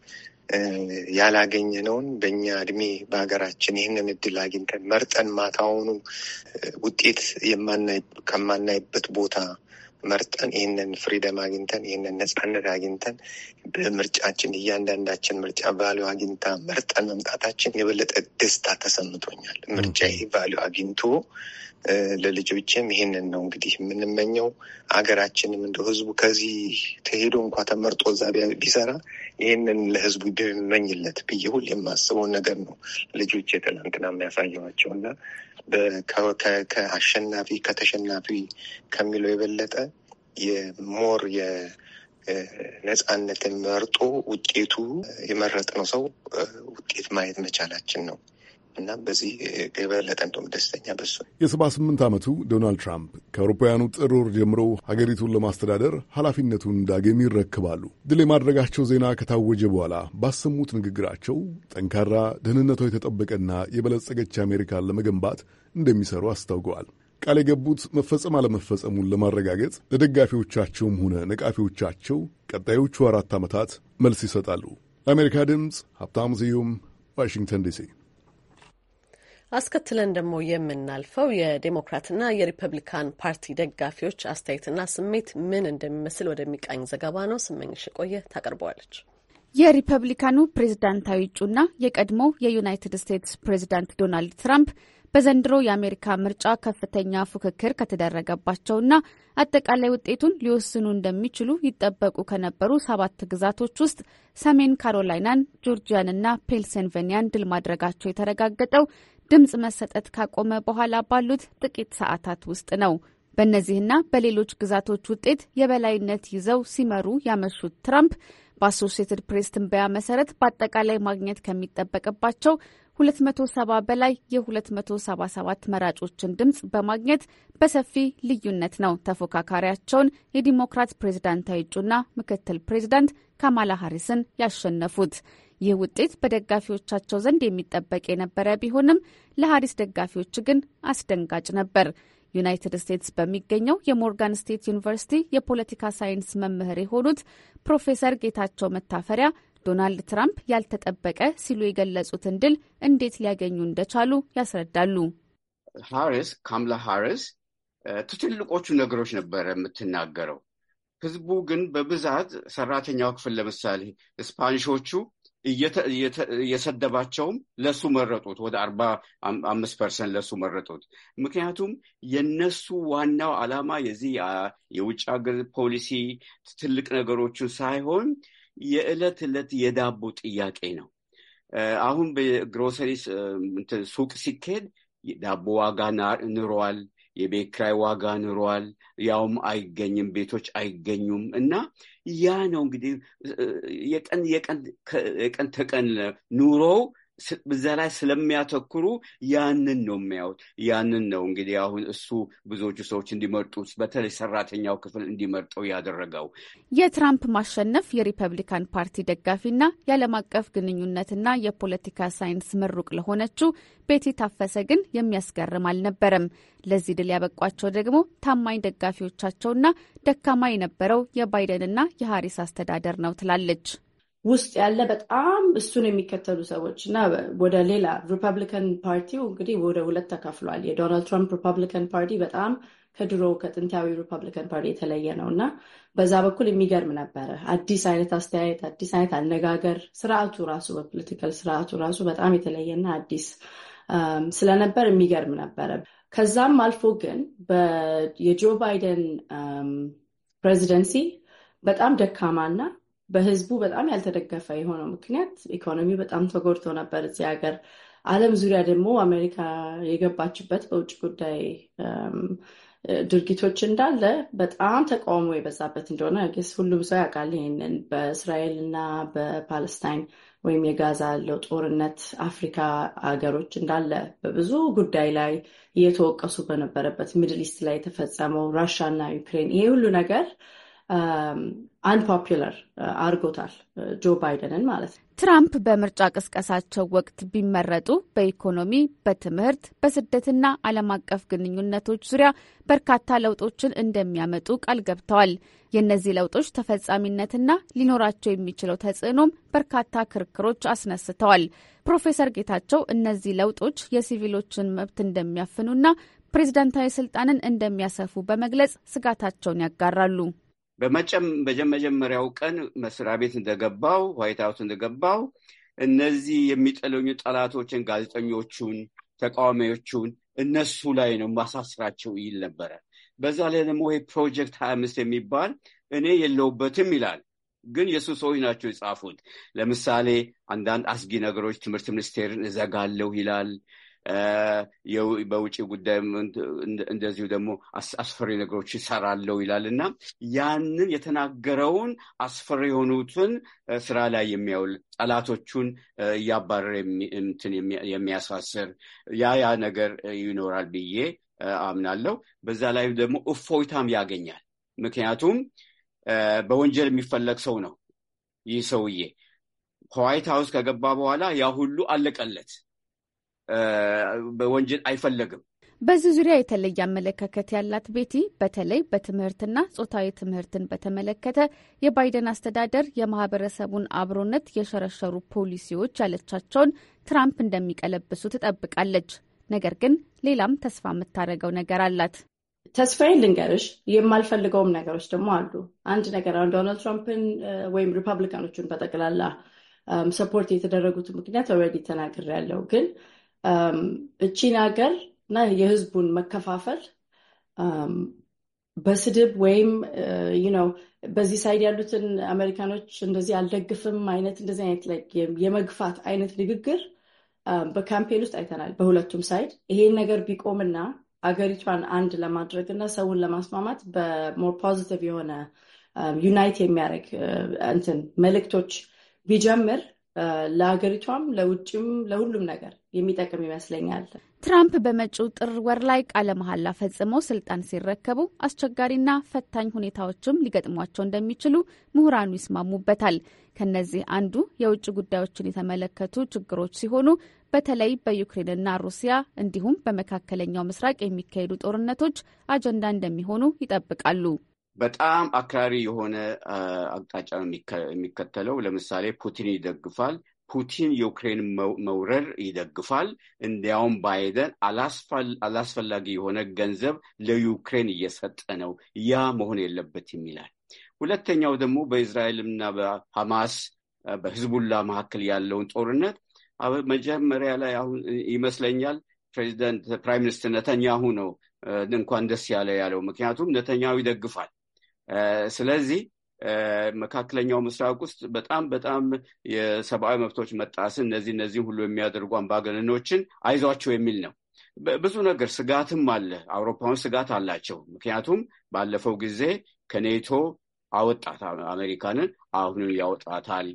ያላገኘነውን በእኛ እድሜ በሀገራችን ይህንን እድል አግኝተን መርጠን ማታውኑ ውጤት ከማናይበት ቦታ መርጠን ይህንን ፍሪደም አግኝተን ይህንን ነጻነት አግኝተን በምርጫችን እያንዳንዳችን ምርጫ ቫሉ አግኝታ መርጠን መምጣታችን የበለጠ ደስታ ተሰምቶኛል። ምርጫ ቫሉ አግኝቶ ለልጆችም ይህንን ነው እንግዲህ የምንመኘው። አገራችንም እንደ ህዝቡ ከዚህ ተሄዶ እንኳ ተመርጦ እዛ ቢሰራ ይህንን ለህዝቡ ቢመኝለት ብዬ ሁሌ የማስበው ነገር ነው። ልጆች የትናንትና የሚያሳየዋቸው እና ከአሸናፊ ከተሸናፊ ከሚለው የበለጠ የሞር የነጻነትን መርጦ ውጤቱ የመረጥነው ሰው ውጤት ማየት መቻላችን ነው። እና በዚህ የበለጠ እንደውም ደስተኛ በሱ። የሰባ ስምንት ዓመቱ ዶናልድ ትራምፕ ከአውሮፓውያኑ ጥር ወር ጀምሮ ሀገሪቱን ለማስተዳደር ኃላፊነቱን ዳግም ይረክባሉ። ድል የማድረጋቸው ዜና ከታወጀ በኋላ ባሰሙት ንግግራቸው ጠንካራ፣ ደህንነቷ የተጠበቀና የበለጸገች አሜሪካን ለመገንባት እንደሚሰሩ አስታውቀዋል። ቃል የገቡት መፈጸም አለመፈጸሙን ለማረጋገጥ ለደጋፊዎቻቸውም ሆነ ነቃፊዎቻቸው ቀጣዮቹ አራት ዓመታት መልስ ይሰጣሉ። ለአሜሪካ ድምፅ ሀብታሙ ስዩም ዋሽንግተን ዲሲ አስከትለን ደግሞ የምናልፈው የዴሞክራትና የሪፐብሊካን ፓርቲ ደጋፊዎች አስተያየትና ስሜት ምን እንደሚመስል ወደሚቃኝ ዘገባ ነው። ስመኝሽ ቆየ ታቀርበዋለች። የሪፐብሊካኑ ፕሬዝዳንታዊ እጩና የቀድሞው የዩናይትድ ስቴትስ ፕሬዝዳንት ዶናልድ ትራምፕ በዘንድሮ የአሜሪካ ምርጫ ከፍተኛ ፉክክር ከተደረገባቸውና አጠቃላይ ውጤቱን ሊወስኑ እንደሚችሉ ይጠበቁ ከነበሩ ሰባት ግዛቶች ውስጥ ሰሜን ካሮላይናን፣ ጆርጂያንና ፔንስልቬኒያን ድል ማድረጋቸው የተረጋገጠው ድምፅ መሰጠት ካቆመ በኋላ ባሉት ጥቂት ሰዓታት ውስጥ ነው። በእነዚህና በሌሎች ግዛቶች ውጤት የበላይነት ይዘው ሲመሩ ያመሹት ትራምፕ በአሶሼትድ ፕሬስ ትንበያ መሰረት በአጠቃላይ ማግኘት ከሚጠበቅባቸው 270 በላይ የ277 መራጮችን ድምፅ በማግኘት በሰፊ ልዩነት ነው ተፎካካሪያቸውን የዲሞክራት ፕሬዝዳንታዊ እጩና ምክትል ፕሬዝዳንት ካማላ ሃሪስን ያሸነፉት። ይህ ውጤት በደጋፊዎቻቸው ዘንድ የሚጠበቅ የነበረ ቢሆንም ለሀሪስ ደጋፊዎች ግን አስደንጋጭ ነበር። ዩናይትድ ስቴትስ በሚገኘው የሞርጋን ስቴት ዩኒቨርሲቲ የፖለቲካ ሳይንስ መምህር የሆኑት ፕሮፌሰር ጌታቸው መታፈሪያ ዶናልድ ትራምፕ ያልተጠበቀ ሲሉ የገለጹትን ድል እንዴት ሊያገኙ እንደቻሉ ያስረዳሉ። ሃሪስ ካምላ ሃሪስ ትትልቆቹ ነገሮች ነበረ የምትናገረው። ህዝቡ ግን በብዛት ሰራተኛው ክፍል ለምሳሌ ስፓኒሾቹ የሰደባቸውም ለሱ መረጡት። ወደ አርባ አምስት ፐርሰንት ለሱ መረጡት። ምክንያቱም የነሱ ዋናው ዓላማ የዚህ የውጭ ሀገር ፖሊሲ ትልቅ ነገሮችን ሳይሆን የዕለት ዕለት የዳቦ ጥያቄ ነው። አሁን በግሮሰሪ ሱቅ ሲካሄድ ዳቦ ዋጋ ንሯል። የቤት ዋጋ ኑሯል። ያውም አይገኝም፣ ቤቶች አይገኙም። እና ያ ነው እንግዲህ የቀን የቀን ተቀን ኑሮው በዛ ላይ ስለሚያተኩሩ ያንን ነው የሚያዩት። ያንን ነው እንግዲህ አሁን እሱ ብዙዎቹ ሰዎች እንዲመርጡት በተለይ ሰራተኛው ክፍል እንዲመርጠው ያደረገው። የትራምፕ ማሸነፍ የሪፐብሊካን ፓርቲ ደጋፊና የዓለም አቀፍ ግንኙነትና የፖለቲካ ሳይንስ ምሩቅ ለሆነችው ቤቲ ታፈሰ ግን የሚያስገርም አልነበረም። ለዚህ ድል ያበቋቸው ደግሞ ታማኝ ደጋፊዎቻቸውና ደካማ የነበረው የባይደንና የሀሪስ አስተዳደር ነው ትላለች። ውስጥ ያለ በጣም እሱን የሚከተሉ ሰዎች እና ወደ ሌላ ሪፐብሊካን ፓርቲው እንግዲህ ወደ ሁለት ተከፍሏል። የዶናልድ ትራምፕ ሪፐብሊካን ፓርቲ በጣም ከድሮ ከጥንታዊ ሪፐብሊካን ፓርቲ የተለየ ነው እና በዛ በኩል የሚገርም ነበረ። አዲስ አይነት አስተያየት፣ አዲስ አይነት አነጋገር፣ ስርዓቱ ራሱ በፖለቲካል ስርዓቱ ራሱ በጣም የተለየና አዲስ ስለነበር የሚገርም ነበረ። ከዛም አልፎ ግን የጆ ባይደን ፕሬዚደንሲ በጣም ደካማ እና በህዝቡ በጣም ያልተደገፈ የሆነው ምክንያት ኢኮኖሚ በጣም ተጎድቶ ነበር እዚህ ሀገር። ዓለም ዙሪያ ደግሞ አሜሪካ የገባችበት በውጭ ጉዳይ ድርጊቶች እንዳለ በጣም ተቃውሞ የበዛበት እንደሆነ ስ ሁሉም ሰው ያውቃል። ይሄንን በእስራኤል እና በፓለስታይን ወይም የጋዛ ያለው ጦርነት አፍሪካ ሀገሮች እንዳለ በብዙ ጉዳይ ላይ እየተወቀሱ በነበረበት ሚድል ኢስት ላይ የተፈጸመው ራሻ እና ዩክሬን ይሄ ሁሉ ነገር አንፖፑለር um, uh, አድርጎታል ጆ uh, ባይደንን ማለት ነው። ትራምፕ በምርጫ ቅስቀሳቸው ወቅት ቢመረጡ በኢኮኖሚ፣ በትምህርት፣ በስደትና ዓለም አቀፍ ግንኙነቶች ዙሪያ በርካታ ለውጦችን እንደሚያመጡ ቃል ገብተዋል። የእነዚህ ለውጦች ተፈጻሚነትና ሊኖራቸው የሚችለው ተጽዕኖም በርካታ ክርክሮች አስነስተዋል። ፕሮፌሰር ጌታቸው እነዚህ ለውጦች የሲቪሎችን መብት እንደሚያፍኑና ፕሬዚዳንታዊ ስልጣንን እንደሚያሰፉ በመግለጽ ስጋታቸውን ያጋራሉ። በመጀመሪያው ቀን መስሪያ ቤት እንደገባው ዋይት ሀውስ እንደገባው እነዚህ የሚጠለኙ ጠላቶችን፣ ጋዜጠኞቹን፣ ተቃዋሚዎቹን እነሱ ላይ ነው ማሳስራቸው ይል ነበረ። በዛ ላይ ደግሞ ይሄ ፕሮጀክት ሀያ አምስት የሚባል እኔ የለውበትም ይላል፣ ግን የእሱ ሰዎች ናቸው የጻፉት። ለምሳሌ አንዳንድ አስጊ ነገሮች ትምህርት ሚኒስቴርን እዘጋለሁ ይላል። በውጭ ጉዳይ እንደዚሁ ደግሞ አስፈሪ ነገሮች ይሰራለው ይላል እና ያንን የተናገረውን አስፈሪ የሆኑትን ስራ ላይ የሚያውል ጠላቶቹን እያባረር እንትን የሚያሳስር ያ ያ ነገር ይኖራል ብዬ አምናለሁ። በዛ ላይ ደግሞ እፎይታም ያገኛል። ምክንያቱም በወንጀል የሚፈለግ ሰው ነው ይህ ሰውዬ። ከዋይት ሀውስ ከገባ በኋላ ያ ሁሉ አለቀለት። በወንጀል አይፈለግም። በዚህ ዙሪያ የተለየ አመለካከት ያላት ቤቲ በተለይ በትምህርትና ጾታዊ ትምህርትን በተመለከተ የባይደን አስተዳደር የማህበረሰቡን አብሮነት የሸረሸሩ ፖሊሲዎች ያለቻቸውን ትራምፕ እንደሚቀለብሱ ትጠብቃለች። ነገር ግን ሌላም ተስፋ የምታደርገው ነገር አላት። ተስፋዬን ልንገርሽ፣ የማልፈልገውም ነገሮች ደግሞ አሉ። አንድ ነገር አሁን ዶናልድ ትራምፕን ወይም ሪፐብሊካኖቹን በጠቅላላ ሰፖርት የተደረጉት ምክንያት ኦልሬዲ ተናግሬያለሁ ግን እቺን ሀገር እና የህዝቡን መከፋፈል በስድብ ወይም ነው በዚህ ሳይድ ያሉትን አሜሪካኖች እንደዚህ አልደግፍም አይነት እንደዚህ አይነት የመግፋት አይነት ንግግር በካምፔን ውስጥ አይተናል። በሁለቱም ሳይድ ይሄን ነገር ቢቆምና አገሪቷን አንድ ለማድረግ እና ሰውን ለማስማማት በሞር ፖዚቲቭ የሆነ ዩናይት የሚያደርግ እንትን መልእክቶች ቢጀምር ለሀገሪቷም ለውጭም ለሁሉም ነገር የሚጠቅም ይመስለኛል። ትራምፕ በመጪው ጥር ወር ላይ ቃለ መሐላ ፈጽመው ስልጣን ሲረከቡ አስቸጋሪና ፈታኝ ሁኔታዎችም ሊገጥሟቸው እንደሚችሉ ምሁራኑ ይስማሙበታል። ከነዚህ አንዱ የውጭ ጉዳዮችን የተመለከቱ ችግሮች ሲሆኑ በተለይ በዩክሬንና ሩሲያ እንዲሁም በመካከለኛው ምስራቅ የሚካሄዱ ጦርነቶች አጀንዳ እንደሚሆኑ ይጠብቃሉ። በጣም አክራሪ የሆነ አቅጣጫ ነው የሚከተለው። ለምሳሌ ፑቲን ይደግፋል። ፑቲን የዩክሬን መውረር ይደግፋል። እንዲያውም ባይደን አላስፈላጊ የሆነ ገንዘብ ለዩክሬን እየሰጠ ነው፣ ያ መሆን የለበትም ይላል። ሁለተኛው ደግሞ በእስራኤልና በሐማስ በህዝቡላ መካከል ያለውን ጦርነት መጀመሪያ ላይ አሁን ይመስለኛል ፕሬዚደንት ፕራይም ሚኒስትር ነተኛሁ ነው እንኳን ደስ ያለ ያለው፣ ምክንያቱም ነተኛሁ ይደግፋል። ስለዚህ መካከለኛው ምስራቅ ውስጥ በጣም በጣም የሰብአዊ መብቶች መጣስን እነዚህ እነዚህ ሁሉ የሚያደርጉ አምባገነኖችን አይዟቸው የሚል ነው። ብዙ ነገር ስጋትም አለ። አውሮፓውን ስጋት አላቸው። ምክንያቱም ባለፈው ጊዜ ከኔቶ አወጣት አሜሪካንን፣ አሁን ያወጣታል።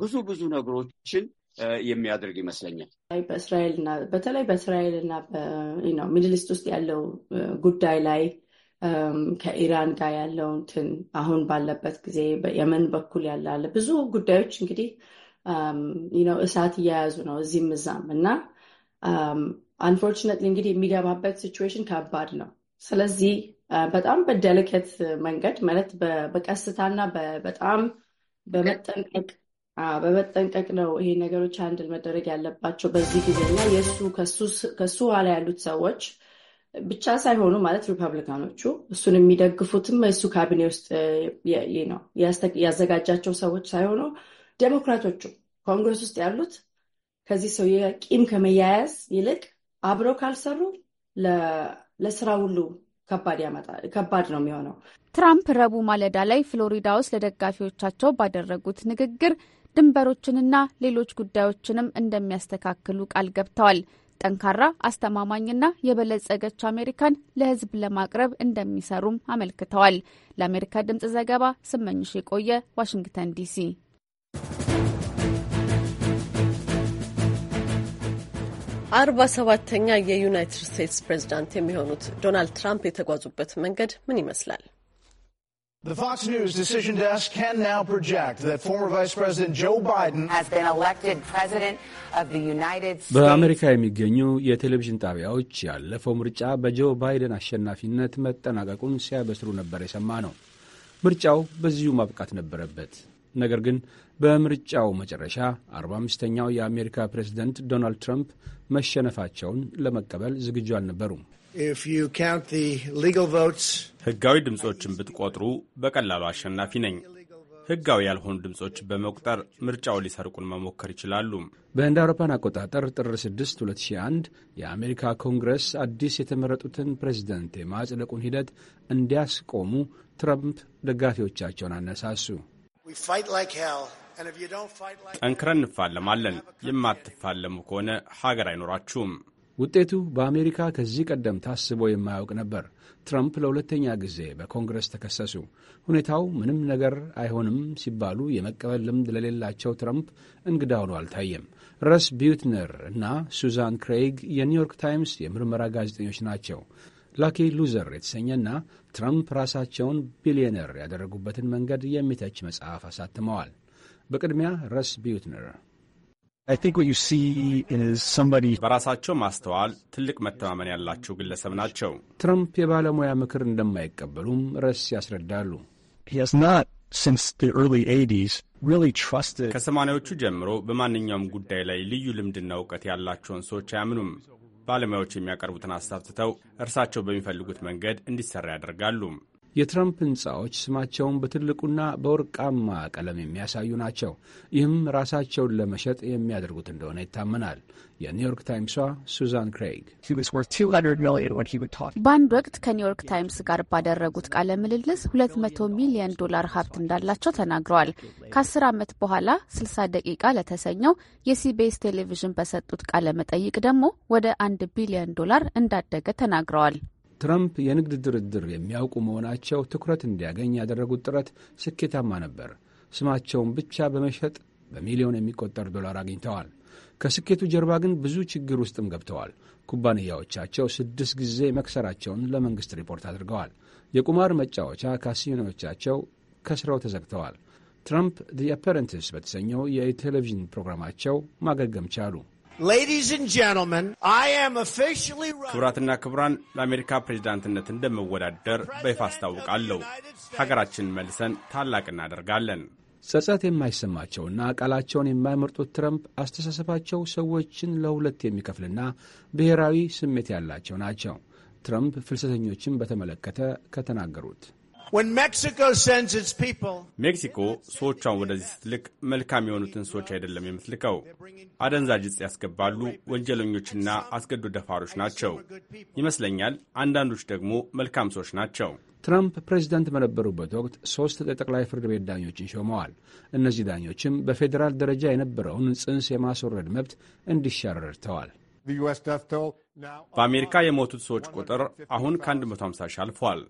ብዙ ብዙ ነገሮችን የሚያደርግ ይመስለኛል። በእስራኤልና በተለይ በእስራኤልና ሚድል ኢስት ውስጥ ያለው ጉዳይ ላይ ከኢራን ጋር ያለው እንትን አሁን ባለበት ጊዜ የመን በኩል ያለ ብዙ ጉዳዮች እንግዲህ እሳት እያያዙ ነው እዚህም እዛም እና አንፎርችነትሊ እንግዲህ የሚገባበት ሲቹዌሽን ከባድ ነው። ስለዚህ በጣም በደልከት መንገድ ማለት በቀስታና በጣም በመጠንቀቅ በመጠንቀቅ ነው ይሄ ነገሮች አንድል መደረግ ያለባቸው በዚህ ጊዜ እና የእሱ ከሱ ኋላ ያሉት ሰዎች ብቻ ሳይሆኑ ማለት ሪፐብሊካኖቹ እሱን የሚደግፉትም እሱ ካቢኔ ውስጥ ነው ያዘጋጃቸው ሰዎች ሳይሆኑ ዴሞክራቶቹ ኮንግረስ ውስጥ ያሉት ከዚህ ሰው የቂም ከመያያዝ ይልቅ አብረው ካልሰሩ ለስራ ሁሉ ከባድ ነው የሚሆነው። ትራምፕ ረቡዕ ማለዳ ላይ ፍሎሪዳ ውስጥ ለደጋፊዎቻቸው ባደረጉት ንግግር ድንበሮችንና ሌሎች ጉዳዮችንም እንደሚያስተካክሉ ቃል ገብተዋል። ጠንካራ አስተማማኝና የበለጸገች አሜሪካን ለህዝብ ለማቅረብ እንደሚሰሩም አመልክተዋል። ለአሜሪካ ድምጽ ዘገባ ስመኝሽ የቆየ ዋሽንግተን ዲሲ። አርባ ሰባተኛ የዩናይትድ ስቴትስ ፕሬዚዳንት የሚሆኑት ዶናልድ ትራምፕ የተጓዙበት መንገድ ምን ይመስላል? The Fox News decision desk can now project that former Vice President Joe Biden has been elected president of the United States. በአሜሪካ የሚገኙ የቴሌቪዥን ጣቢያዎች ያለፈው ምርጫ በጆ ባይደን አሸናፊነት መጠናቀቁን ሲያበስሩ ነበር የሰማ ነው። ምርጫው በዚሁ ማብቃት ነበረበት። ነገር ግን በምርጫው መጨረሻ 45ኛው የአሜሪካ ፕሬዝደንት ዶናልድ ትራምፕ መሸነፋቸውን ለመቀበል ዝግጁ አልነበሩም። ህጋዊ ድምፆችን ብትቆጥሩ በቀላሉ አሸናፊ ነኝ። ህጋዊ ያልሆኑ ድምፆች በመቁጠር ምርጫው ሊሰርቁን መሞከር ይችላሉ። በእንደ አውሮፓን አቆጣጠር ጥር 6 2001 የአሜሪካ ኮንግረስ አዲስ የተመረጡትን ፕሬዚደንት የማጽደቁን ሂደት እንዲያስቆሙ ትራምፕ ደጋፊዎቻቸውን አነሳሱ። ጠንክረን እንፋለማለን። የማትፋለሙ ከሆነ ሀገር አይኖራችሁም። ውጤቱ በአሜሪካ ከዚህ ቀደም ታስቦ የማያውቅ ነበር። ትራምፕ ለሁለተኛ ጊዜ በኮንግረስ ተከሰሱ። ሁኔታው ምንም ነገር አይሆንም ሲባሉ የመቀበል ልምድ ለሌላቸው ትራምፕ እንግዳ ሆኖ አልታየም። ረስ ቢዩትነር እና ሱዛን ክሬይግ የኒውዮርክ ታይምስ የምርመራ ጋዜጠኞች ናቸው። ላኪ ሉዘር የተሰኘና ትራምፕ ራሳቸውን ቢሊዮነር ያደረጉበትን መንገድ የሚተች መጽሐፍ አሳትመዋል። በቅድሚያ ረስ ቢዩትነር በራሳቸው ማስተዋል ትልቅ መተማመን ያላቸው ግለሰብ ናቸው። ትራምፕ የባለሙያ ምክር እንደማይቀበሉም ረስ ያስረዳሉ። ከሰማኒያዎቹ ጀምሮ በማንኛውም ጉዳይ ላይ ልዩ ልምድና እውቀት ያላቸውን ሰዎች አያምኑም። ባለሙያዎች የሚያቀርቡትን ሀሳብ ትተው እርሳቸው በሚፈልጉት መንገድ እንዲሰራ ያደርጋሉ። የትራምፕ ሕንፃዎች ስማቸውን በትልቁና በወርቃማ ቀለም የሚያሳዩ ናቸው። ይህም ራሳቸውን ለመሸጥ የሚያደርጉት እንደሆነ ይታመናል። የኒውዮርክ ታይምሷ ሱዛን ክሬግ በአንድ ወቅት ከኒውዮርክ ታይምስ ጋር ባደረጉት ቃለ ምልልስ 200 ሚሊዮን ዶላር ሀብት እንዳላቸው ተናግረዋል ከአስር ከ10 ዓመት በኋላ 60 ደቂቃ ለተሰኘው የሲቢኤስ ቴሌቪዥን በሰጡት ቃለ መጠይቅ ደግሞ ወደ አንድ ቢሊዮን ዶላር እንዳደገ ተናግረዋል። ትራምፕ የንግድ ድርድር የሚያውቁ መሆናቸው ትኩረት እንዲያገኝ ያደረጉት ጥረት ስኬታማ ነበር። ስማቸውን ብቻ በመሸጥ በሚሊዮን የሚቆጠር ዶላር አግኝተዋል። ከስኬቱ ጀርባ ግን ብዙ ችግር ውስጥም ገብተዋል። ኩባንያዎቻቸው ስድስት ጊዜ መክሰራቸውን ለመንግሥት ሪፖርት አድርገዋል። የቁማር መጫወቻ ካሲኖዎቻቸው ከስረው ተዘግተዋል። ትራምፕ ዲ አፐረንትስ በተሰኘው የቴሌቪዥን ፕሮግራማቸው ማገገም ቻሉ። ክቡራትና ክቡራን ለአሜሪካ ፕሬዚዳንትነት እንደመወዳደር በይፋ አስታውቃለሁ። ሀገራችንን መልሰን ታላቅ እናደርጋለን። ጸጸት የማይሰማቸውና ቃላቸውን የማይመርጡት ትረምፕ አስተሳሰባቸው ሰዎችን ለሁለት የሚከፍልና ብሔራዊ ስሜት ያላቸው ናቸው። ትረምፕ ፍልሰተኞችን በተመለከተ ከተናገሩት ሜክሲኮ ሰዎቿን ወደዚህ ስትልክ መልካም የሆኑትን ሰዎች አይደለም የምትልከው። አደንዛዥ ዕፅ ያስገባሉ፣ ወንጀለኞችና አስገዶ ደፋሮች ናቸው ይመስለኛል። አንዳንዶች ደግሞ መልካም ሰዎች ናቸው። ትራምፕ ፕሬዚዳንት በነበሩበት ወቅት ሶስት ለጠቅላይ ፍርድ ቤት ዳኞችን ሾመዋል። እነዚህ ዳኞችም በፌዴራል ደረጃ የነበረውን ጽንስ የማስወረድ መብት እንዲሻር ረድተዋል። በአሜሪካ የሞቱት ሰዎች ቁጥር አሁን ከ150 ሺህ አልፏል።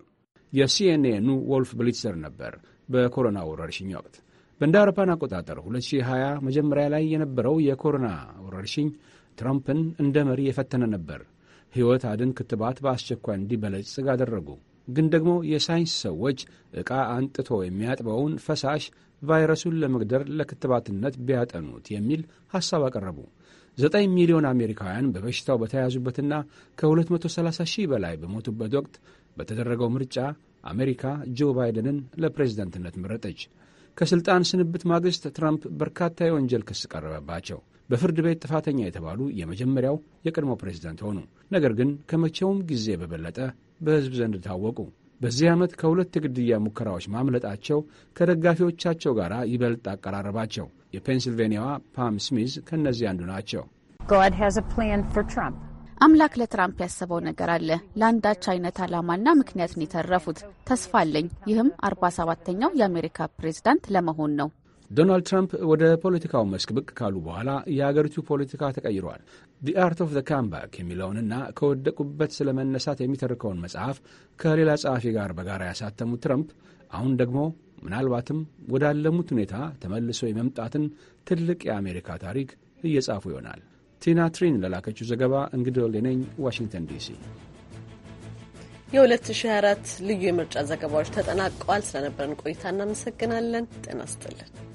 የሲኤንኤኑ ወልፍ ብሊትሰር ነበር። በኮሮና ወረርሽኝ ወቅት በእንደ አውሮፓን አቆጣጠር 2020 መጀመሪያ ላይ የነበረው የኮሮና ወረርሽኝ ትራምፕን እንደ መሪ የፈተነ ነበር። ሕይወት አድን ክትባት በአስቸኳይ እንዲበለጽግ አደረጉ። ግን ደግሞ የሳይንስ ሰዎች ዕቃ አንጥቶ የሚያጥበውን ፈሳሽ ቫይረሱን ለመግደር ለክትባትነት ቢያጠኑት የሚል ሐሳብ አቀረቡ። 9 ሚሊዮን አሜሪካውያን በበሽታው በተያዙበትና ከ230 ሺህ በላይ በሞቱበት ወቅት በተደረገው ምርጫ አሜሪካ ጆ ባይደንን ለፕሬዝደንትነት መረጠች። ከሥልጣን ስንብት ማግስት ትራምፕ በርካታ የወንጀል ክስ ቀረበባቸው። በፍርድ ቤት ጥፋተኛ የተባሉ የመጀመሪያው የቀድሞ ፕሬዝደንት ሆኑ። ነገር ግን ከመቼውም ጊዜ በበለጠ በሕዝብ ዘንድ ታወቁ። በዚህ ዓመት ከሁለት የግድያ ሙከራዎች ማምለጣቸው ከደጋፊዎቻቸው ጋር ይበልጥ አቀራረባቸው። የፔንስልቬንያዋ ፓም ስሚዝ ከእነዚህ አንዱ ናቸው። God has አምላክ ለትራምፕ ያሰበው ነገር አለ። ለአንዳች አይነት ዓላማና ምክንያት ነው የተረፉት። ተስፋ አለኝ። ይህም አርባ ሰባተኛው የአሜሪካ ፕሬዝዳንት ለመሆን ነው። ዶናልድ ትራምፕ ወደ ፖለቲካው መስክ ብቅ ካሉ በኋላ የአገሪቱ ፖለቲካ ተቀይሯል። ዲ አርት ኦፍ ዘ ካምባክ የሚለውንና ከወደቁበት ስለ መነሳት የሚተርከውን መጽሐፍ ከሌላ ጸሐፊ ጋር በጋራ ያሳተሙት ትራምፕ አሁን ደግሞ ምናልባትም ወዳለሙት ሁኔታ ተመልሶ የመምጣትን ትልቅ የአሜሪካ ታሪክ እየጻፉ ይሆናል። ቲና ትሪን ለላከችው ዘገባ እንግዲህ ሌነኝ ዋሽንግተን ዲሲ። የ2024 ልዩ የምርጫ ዘገባዎች ተጠናቀዋል። ስለነበረን ቆይታ እናመሰግናለን። ጤና ይስጥልን።